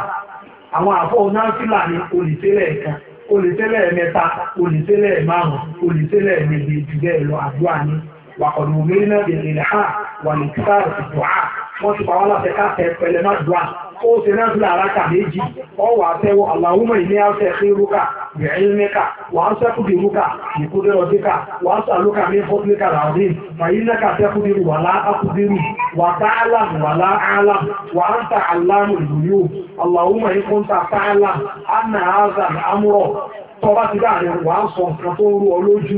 mẹ́ta olùtẹ́lẹ̀ márùn-ún olùtẹ́lẹ̀ méje jù bẹ́ẹ̀ àdúrà ni wàkọ̀dù òmìnirí náà lè rìn ha wà lè kíkà ìdò ha wọ́n ti pa wọ́n láti ká tẹ pẹ̀lẹ́ náà dùn à ó ṣe náà sílẹ̀ àràkà méjì ọ wà á tẹ́wọ́ aláwùmọ̀ ìní àṣẹ ṣe rúkà bẹ̀rẹ̀ mẹ́kà wà á sẹ́kùdì rúkà ìkúdé ọdíkà wà á sàlùkà ní fọ́tílẹ̀kà ràdín fàyí náà sẹ́kùdì rú wà láàkùdì rú wà táàlàm wà láàlàm wà á ń ta àlámù ìlú yóò aláwùmọ̀ ìkúnta táàlàm á nà á zà àmúrọ̀ tọ́ bá ti dáàrin wà á sọ nǹkan tó ń rú ọ lójú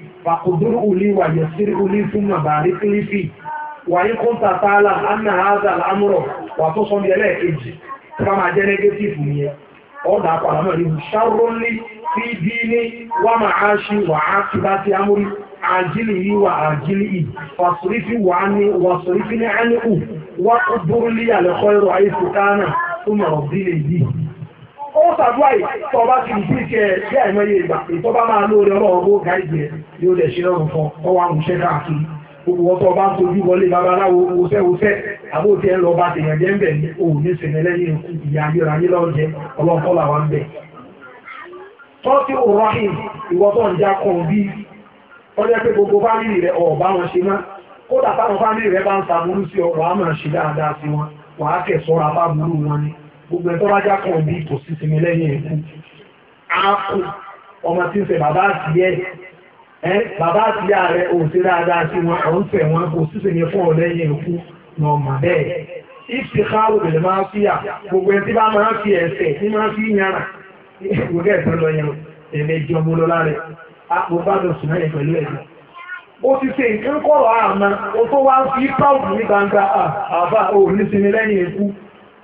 fàkùdúrú ulí wà yẹ̀sírí ulí fún màbàrí kílífì wà ní kóńtà tààlà anna haza amúrọ̀ wà tó sọ nílẹ̀ kejì tí wọ́n máa jẹ́ nẹ́gẹ́tìfù yẹn ọ̀dà àpàlámọ̀ ní ṣàrọ́lì fi dínì wà máa ṣí wà á ti bá ti amúrí àjílì yìí wà àjílì yìí fàṣírífì wà ní wàṣírífì ní àníkù wà kúdúrú líyà lẹ́kọ́ ẹ̀rọ àyè ó sàdúrà yìí tó o bá ti rí bíi tiẹ̀ bí àìmọye ìgbà ètò bá máa lóore ọlọ́run bó ga ìgbẹ́ ni ó lè ṣe lọ́rùn fún ọ wà káàkiri gbogbo o bá ń tojú wọlé babaláwo àbó lọ bá tèèyàn ń ní òun ní jẹ gbogbo fámìlì wọn ṣe má kódà táwọn fámìlì bá gbogbo ẹ̀ tó bá já kàn bí kò sí sinmi lẹ́yìn ikú àákù ọmọ tí ń fẹ́ bàbá àtìyẹ ẹ bàbá àtìyẹ rẹ ò sí dáadáa sí wọn ọ̀ ń fẹ́ wọn kò sí sinmi fún ọ lẹ́yìn ikú ní ọmọ bẹ́ẹ̀ ìsìkáàrù bẹ̀rẹ̀ máa fi à gbogbo ẹ̀ tí bá máa fi ẹ̀sẹ̀ tí máa fi yàrá gbogbo ẹ̀ lọ yẹn ẹ̀mẹ́jọ mo lọ lára àpò bá lọ sùn náà pẹ̀lú ẹ̀jẹ̀ ó ti ṣe nǹkan àmà ó tó wá fi pàwùdù ní gbangba àbá ò ní sinmi lẹ́yìn ikú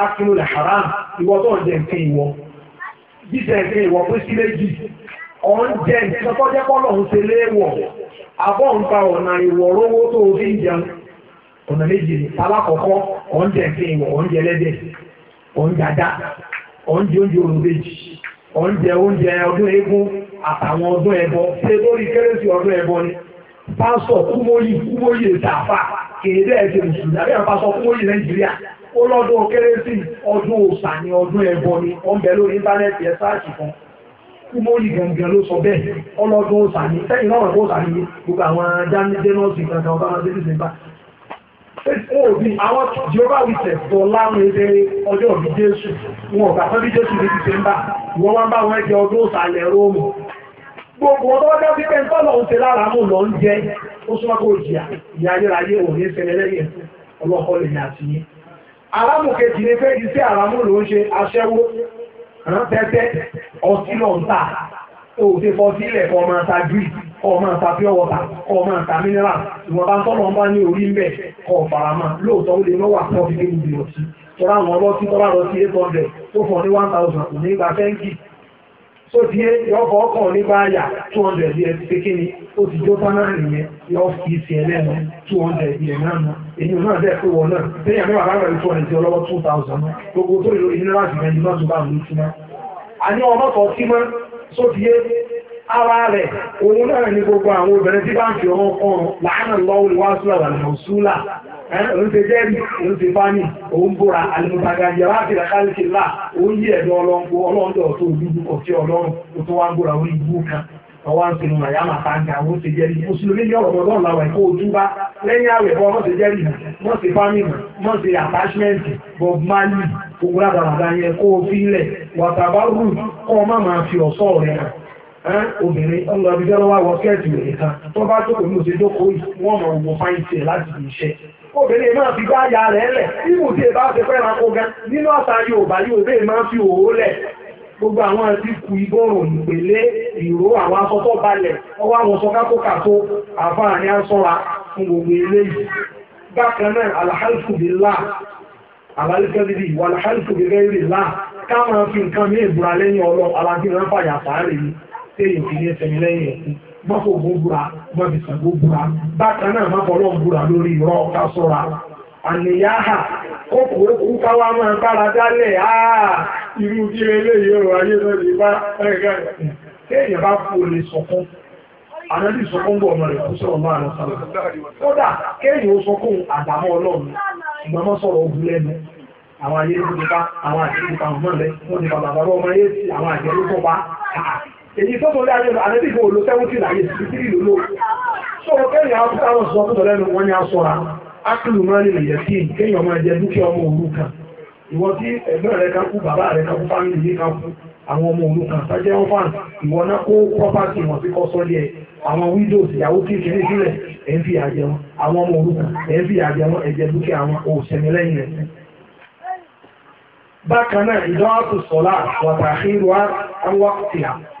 akínú lè haram ìwọ tó ń jẹ nǹkan ìwọ jíjẹ nǹkan pé sí méjì jẹ nǹkan tó jẹ́ ń ṣe léèwọ̀ abọ́ ń gba ọ̀nà ìwọ̀ rówó tó fi ń jẹun ọ̀nà méjì ni alákọ̀ọ́kọ́ ọ̀n jẹ nǹkan ìwọ jẹ lẹ́dẹ̀ ni pásọ kúmóyì kúmóyì ètò àfà ó lọ́dún kérésì ọdún òòṣà ni ọdún ẹbọ ni ọ ń bẹ lórí íńtánẹ́ẹ̀tì kan ló sọ bẹ́ẹ̀ ọlọ́dún ni náà ni gbogbo àwọn ọba wọn òbí àwọn láwọn òbí Jésù wọn ò gbàgbọ́ bí Jésù ìwọ́n wá ń bá wọn ọdún alámùkejì ní fẹ́ iṣẹ́ àràmù ló ń ṣe aṣẹ́wó rántẹ́tẹ́ ọtí lọ ń tà òde fọtí ilẹ̀ kọ́ máa ta gírì kọ́ máa ta pure water kọ́ máa ta mineral ìwọ̀n bá ń tọ́nà ń bá ní orí ń bẹ̀ kọ́ farama lóòótọ́ ó lè lọ́ wà pọ̀ fi dé ibi ọtí tọ́ra àwọn ọlọ́tí tọ́ra lọ sí eight hundred tó fọ́ ní one thousand kò ní gba fẹ́ǹkì tó di yọ́bọ̀ ọkọ̀ ní báyà 200 yẹn ti kékeré ni ó ti jó fánárì yẹn yọ́ fi ti ẹlẹ́nu 200 yẹn náà nù èyí náà dẹ̀ pé wọ́n náà lẹ́yìn àmì bàbá rẹ̀ tó ẹni tí ọlọ́wọ́ 2000 gbogbo tó ìlú ìlú láti rẹ̀ ní lọ́dún bá mi ti mọ́ àní ọmọ kan sí mọ́ tó di yé ara rẹ̀ òun náà ní gbogbo àwọn obìnrin tí bá ń fi ọmọ kọrùn láàánà lọ́wọ́ Eh, òun ṣe jẹ́rì òun ṣe fáni òun búra alìmọ̀tàgàjẹ̀ láti ràkálìkì la òun yí ẹ̀dọ́ ọlọ́pọ̀ ọlọ́dọ̀ tó dúdú kọ̀ sí ọlọ́run tó tó wá ń búra orí ìbú kan ọwá ń sinú àyà máa ta nǹkan àwọn ṣe jẹ́rì ní ọ̀rọ̀ làwọn ẹ̀kọ́ ojú bá lẹ́yìn àwẹ̀ bọ́ ṣe jẹ́rì mọ́ ṣe mọ́ ṣe attachment Bob Marley o fi ilẹ̀ wàtàbárù ọ má máa fi ọ̀ṣọ́ rẹ̀ eh, obìnrin ọlọ́bí jẹ́ lọ́wọ́ kẹ́ẹ̀tì rẹ̀ kan tó bá ní wọ́n mọ̀ obìnrin máa fi gbáyà rẹ̀ lẹ̀ ibùdó ìbá ti fẹ́ ra kó gan nínú àṣà Yorùbá Yorùbá máa fi òwò lẹ̀ gbogbo àwọn àti kù ìbọ̀rùn ìpele ìró àwọn asọ́tọ́ balẹ̀ ọwọ́ àwọn sọ́kákókà tó àfáàní asọ́ra fún gbogbo eléyìí bákan náà alhálfùbílá àbálẹ́kẹ́lẹ́bí la alhálfùbílá káwọn fi nǹkan mí ìbúra lẹ́yìn ọlọ́ alágbèrè ń fàyà fàárẹ̀ yìí tẹ́yìn fi ní ẹsẹ̀ lẹ́yìn ẹ̀kú mọ́fò mú búra mọ́fì sàgbó búra bákan náà mọ́fò ọlọ́run búra lórí irọ́ ká sọ́ra àníyáhà kókò kú káwá máa bára dálẹ̀ àà irú bí eléyìí ọ̀rọ̀ ayé lọ lè bá ẹ̀gá kéèyàn bá kú olè sọ̀kún ànábì sọ̀kún bọ̀ ọmọ rẹ̀ kú sọ̀rọ̀ máa lọ sọ̀rọ̀ kódà kéèyàn ó sọ̀kún àdámọ́ ọlọ́run mọ́ èyí tó tó láyé lọ àrẹ́bí ìfò oló 70 láyé sí kí ìlú ló kẹ́yìn àwọn sọ tó tọ̀lẹ́nu wọn ni a sọ́ra ákìlù máa ní ìyẹ̀ sí kéèyàn máa jẹ dúkìá ọmọ òrukàn ìwọ tí ẹ̀gbọ́n rẹ̀ kan kú bàbá rẹ̀ kan kú fámìlì yìí kan kú àwọn ọmọ òrukàn sájẹ́ wọn fàn ìwọ náà kó property wọn sí kọ́ sọ́lé ẹ̀ àwọn widows ìyàwó kékeré sílẹ̀ ẹ̀ ń fi àjẹ wọn àwọn ọmọ òrukàn ẹ̀ ń fi àjẹ wọn ẹ̀jẹ̀ dúkìá wọn ò sẹ̀mí lẹ́yìn bákan náà ìdánwò sọ̀lá wàtàkì wa wákìtì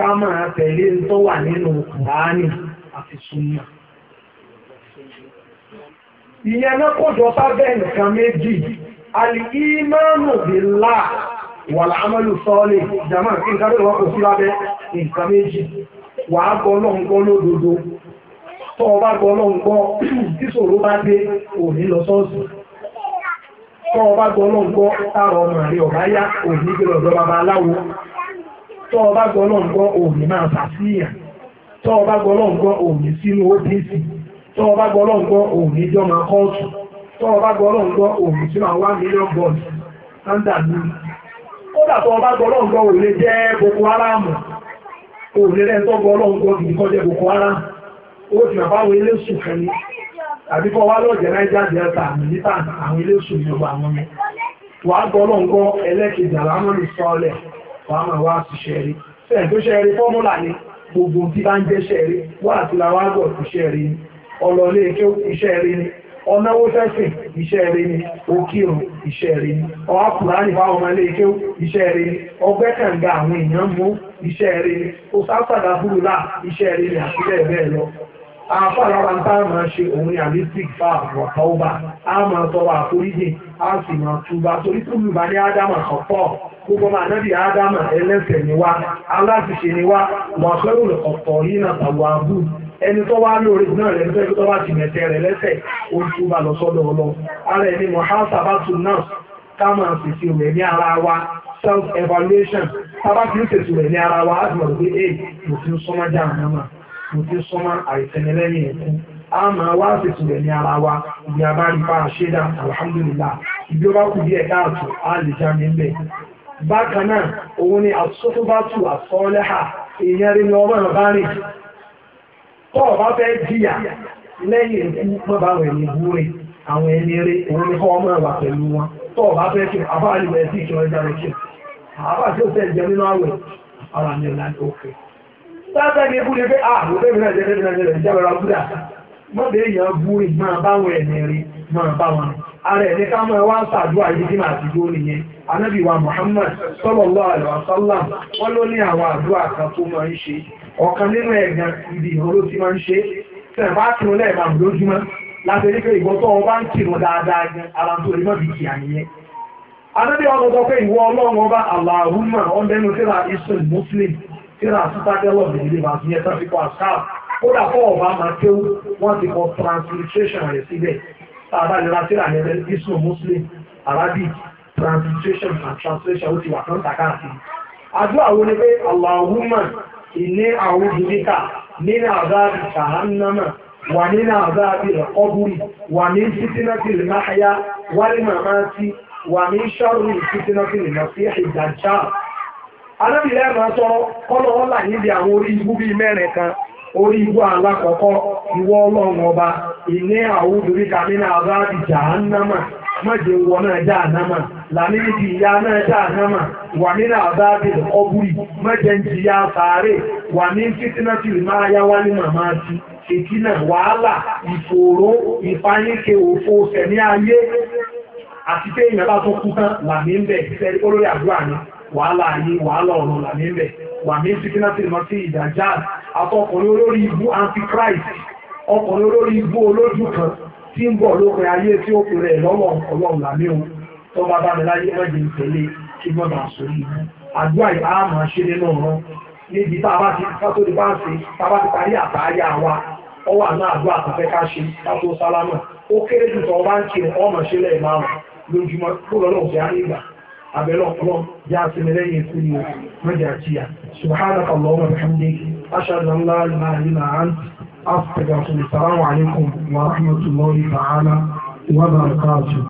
ká máa tẹ̀lé tó wà nínú kùránì àti súnmọ́ ìyẹn náà kò jọ sábẹ́ nǹkan méjì alìkímánù bìlá wàlá amálù sọ́ọ̀lẹ̀ jama kí n kárí wọn kò sí lábẹ́ nǹkan méjì wà á gbọ́ lọ́n gbọ́ lódodo tó o bá gbọ́ lọ́n gbọ́ tí ṣòro bá dé òní lọ sọ́ọ̀sì tó o bá gbọ́ lọ́n gbọ́ táàrọ̀ ọmọ rẹ̀ ọ̀bá yá òní gbé lọ́dọ̀ bàbá aláwo tọ́ ọba gbọ́lọ́ nǹkan òní máa sàṣìyàn tọ́ ọba gbọọlọ nǹkan òní sínú o.p.c. tọ́ ọba gbọ́lọ́ nǹkan òní jọmọ kóòtù tọ́ ọba gbọọlọ nǹkan òní sínú àwọn one million boys sáńdà ní. kódà tọ́ ọba gbọọlọ nǹkan òní jẹ́ Boko Haram òní rẹ̀ tọ́ gbọọlọ nǹkan kìí kọ́ Boko Haram ó ti àbí kọ́ wá wàá máa wá sí ṣẹ́rí fẹ́ẹ̀ tó ṣẹ́rí fọ́múlà ni gbogbo tí bá ń jẹ́ ṣẹ́rí wà àti làwọn àgbọ̀ ìṣẹ́rí ni ọlọ́lé ike ìṣẹ́rí ni fẹ́sìn ni ni ọwá kùránì ọmọ ilé ike ni ọgbẹ́ kànga àwọn èèyàn mú ni ni àti àpá lára tá a máa ṣe òun ni fa ọ̀tọ̀ ọba a máa tọrọ àforíjì a sì máa túbà torí tó lùbá ní ádámà ọ̀pọ̀ gbogbo máa nábì ádámà ẹlẹ́ṣẹ̀ ni wá aláṣìṣe ni wá wà pẹ́rù ọ̀pọ̀ yìí náà tàwọn àbú ẹni tó wá lórí náà rẹ̀ nítorí tó bá ti mẹ̀tẹ̀ rẹ̀ lẹ́sẹ̀ ó ń lọ sọ́dọ̀ ọlọ ara ẹni mọ̀hásábàtú náà ká máa fèsì rẹ̀ ní ara wa self evaluation tábà kì í fèsì rẹ̀ ní ara wa á ti mọ̀ pé ìdí súnmọ́ àìsẹ̀nilẹ́yìn a ma wá ṣètò rẹ̀ ara wa ìdí abárípa àṣẹ́dá alhamdulillah ìdí ó bá kù díẹ̀ káàtó ha bákan náà òun ni ni ọmọ rìn tó ọba fẹ́ jìyà lẹ́yìn rẹ̀ ní àwọn ẹni eré òun ni kọ́ ọmọ pẹ̀lú wọn tó ọba fẹ́ kí kí àbá Sáàtà ní ebú lè fẹ́ ààbò lẹ́bìnrin ẹ̀jẹ̀lẹ́bìnrin ẹ̀jẹ̀lẹ̀ ìjẹ́bẹ̀rẹ̀ àbúdà. Mọ́bẹ̀ èèyàn bú ń sàdúrà yìí tí máa tó rí pé ìwọ ọba tíra sítádẹ́lọ̀ ní ilé màá yẹ tán fipọ̀ àṣáà kódà fọ́ ọ̀bá máa kéwú wọ́n ti kọ transliteration rẹ̀ síbẹ̀ tàbá ìlera tíra yẹn lẹ́ islam muslim arabic transliteration and translation ó ti wà tán tàkà àti àdúrà wo ni pé Allahumma ìní àwọn ìdíkà nínú àzáàbì jahannama wà nínú àzáàbì ọdúnrì wà ní fitinati lmáyá wálé màmá ti wà ní sọ́rùn fitinati lmasihi dajjal arábìnrin máa sọ kọ́lọ̀ ọ́là níbi àwọn orí ibú bíi mẹ́rin kan orí ibú alákọ̀ọ́kọ́ ìwọ ọlọ́run ọba ìní àwọn obìnrin kàmínà àbáàdì jàánàmà mọ́jẹ̀ wọ náà jàánàmà làmínì ti ìyá náà jàánàmà wà ọbúrì mọ́jẹ̀ ń ya sàárè wà ní fítínàtì máa yá wá ní màmá ti ìkínà wàhálà ìfòòró ìfáyínke sẹ̀mí ayé àti pé ìyàbá tó kú tán làmí ń bẹ̀ olórí àdúrà wàhálà ayé wàhálà ọ̀run là níbẹ̀ wàmí síkínátì lọ sí atọ àtọkùnrin olórí ibú antichrist ọkùnrin olórí ibú olójú kan tí ń bọ̀ lópin ayé tí ó pèrè lọ́wọ́ ọlọ́run làmí o tó bá mi láyé kí àdúrà ṣe nínú ọ̀ràn níbi tá a náà àdúrà tó fẹ́ ká ṣe sálámà ó kéré jù أبلغهم يا سمري في سبحانك اللهم وبحمدك أشهد أن لا إله إلا أنت أستغفرك السلام عليكم ورحمة الله تعالى وبركاته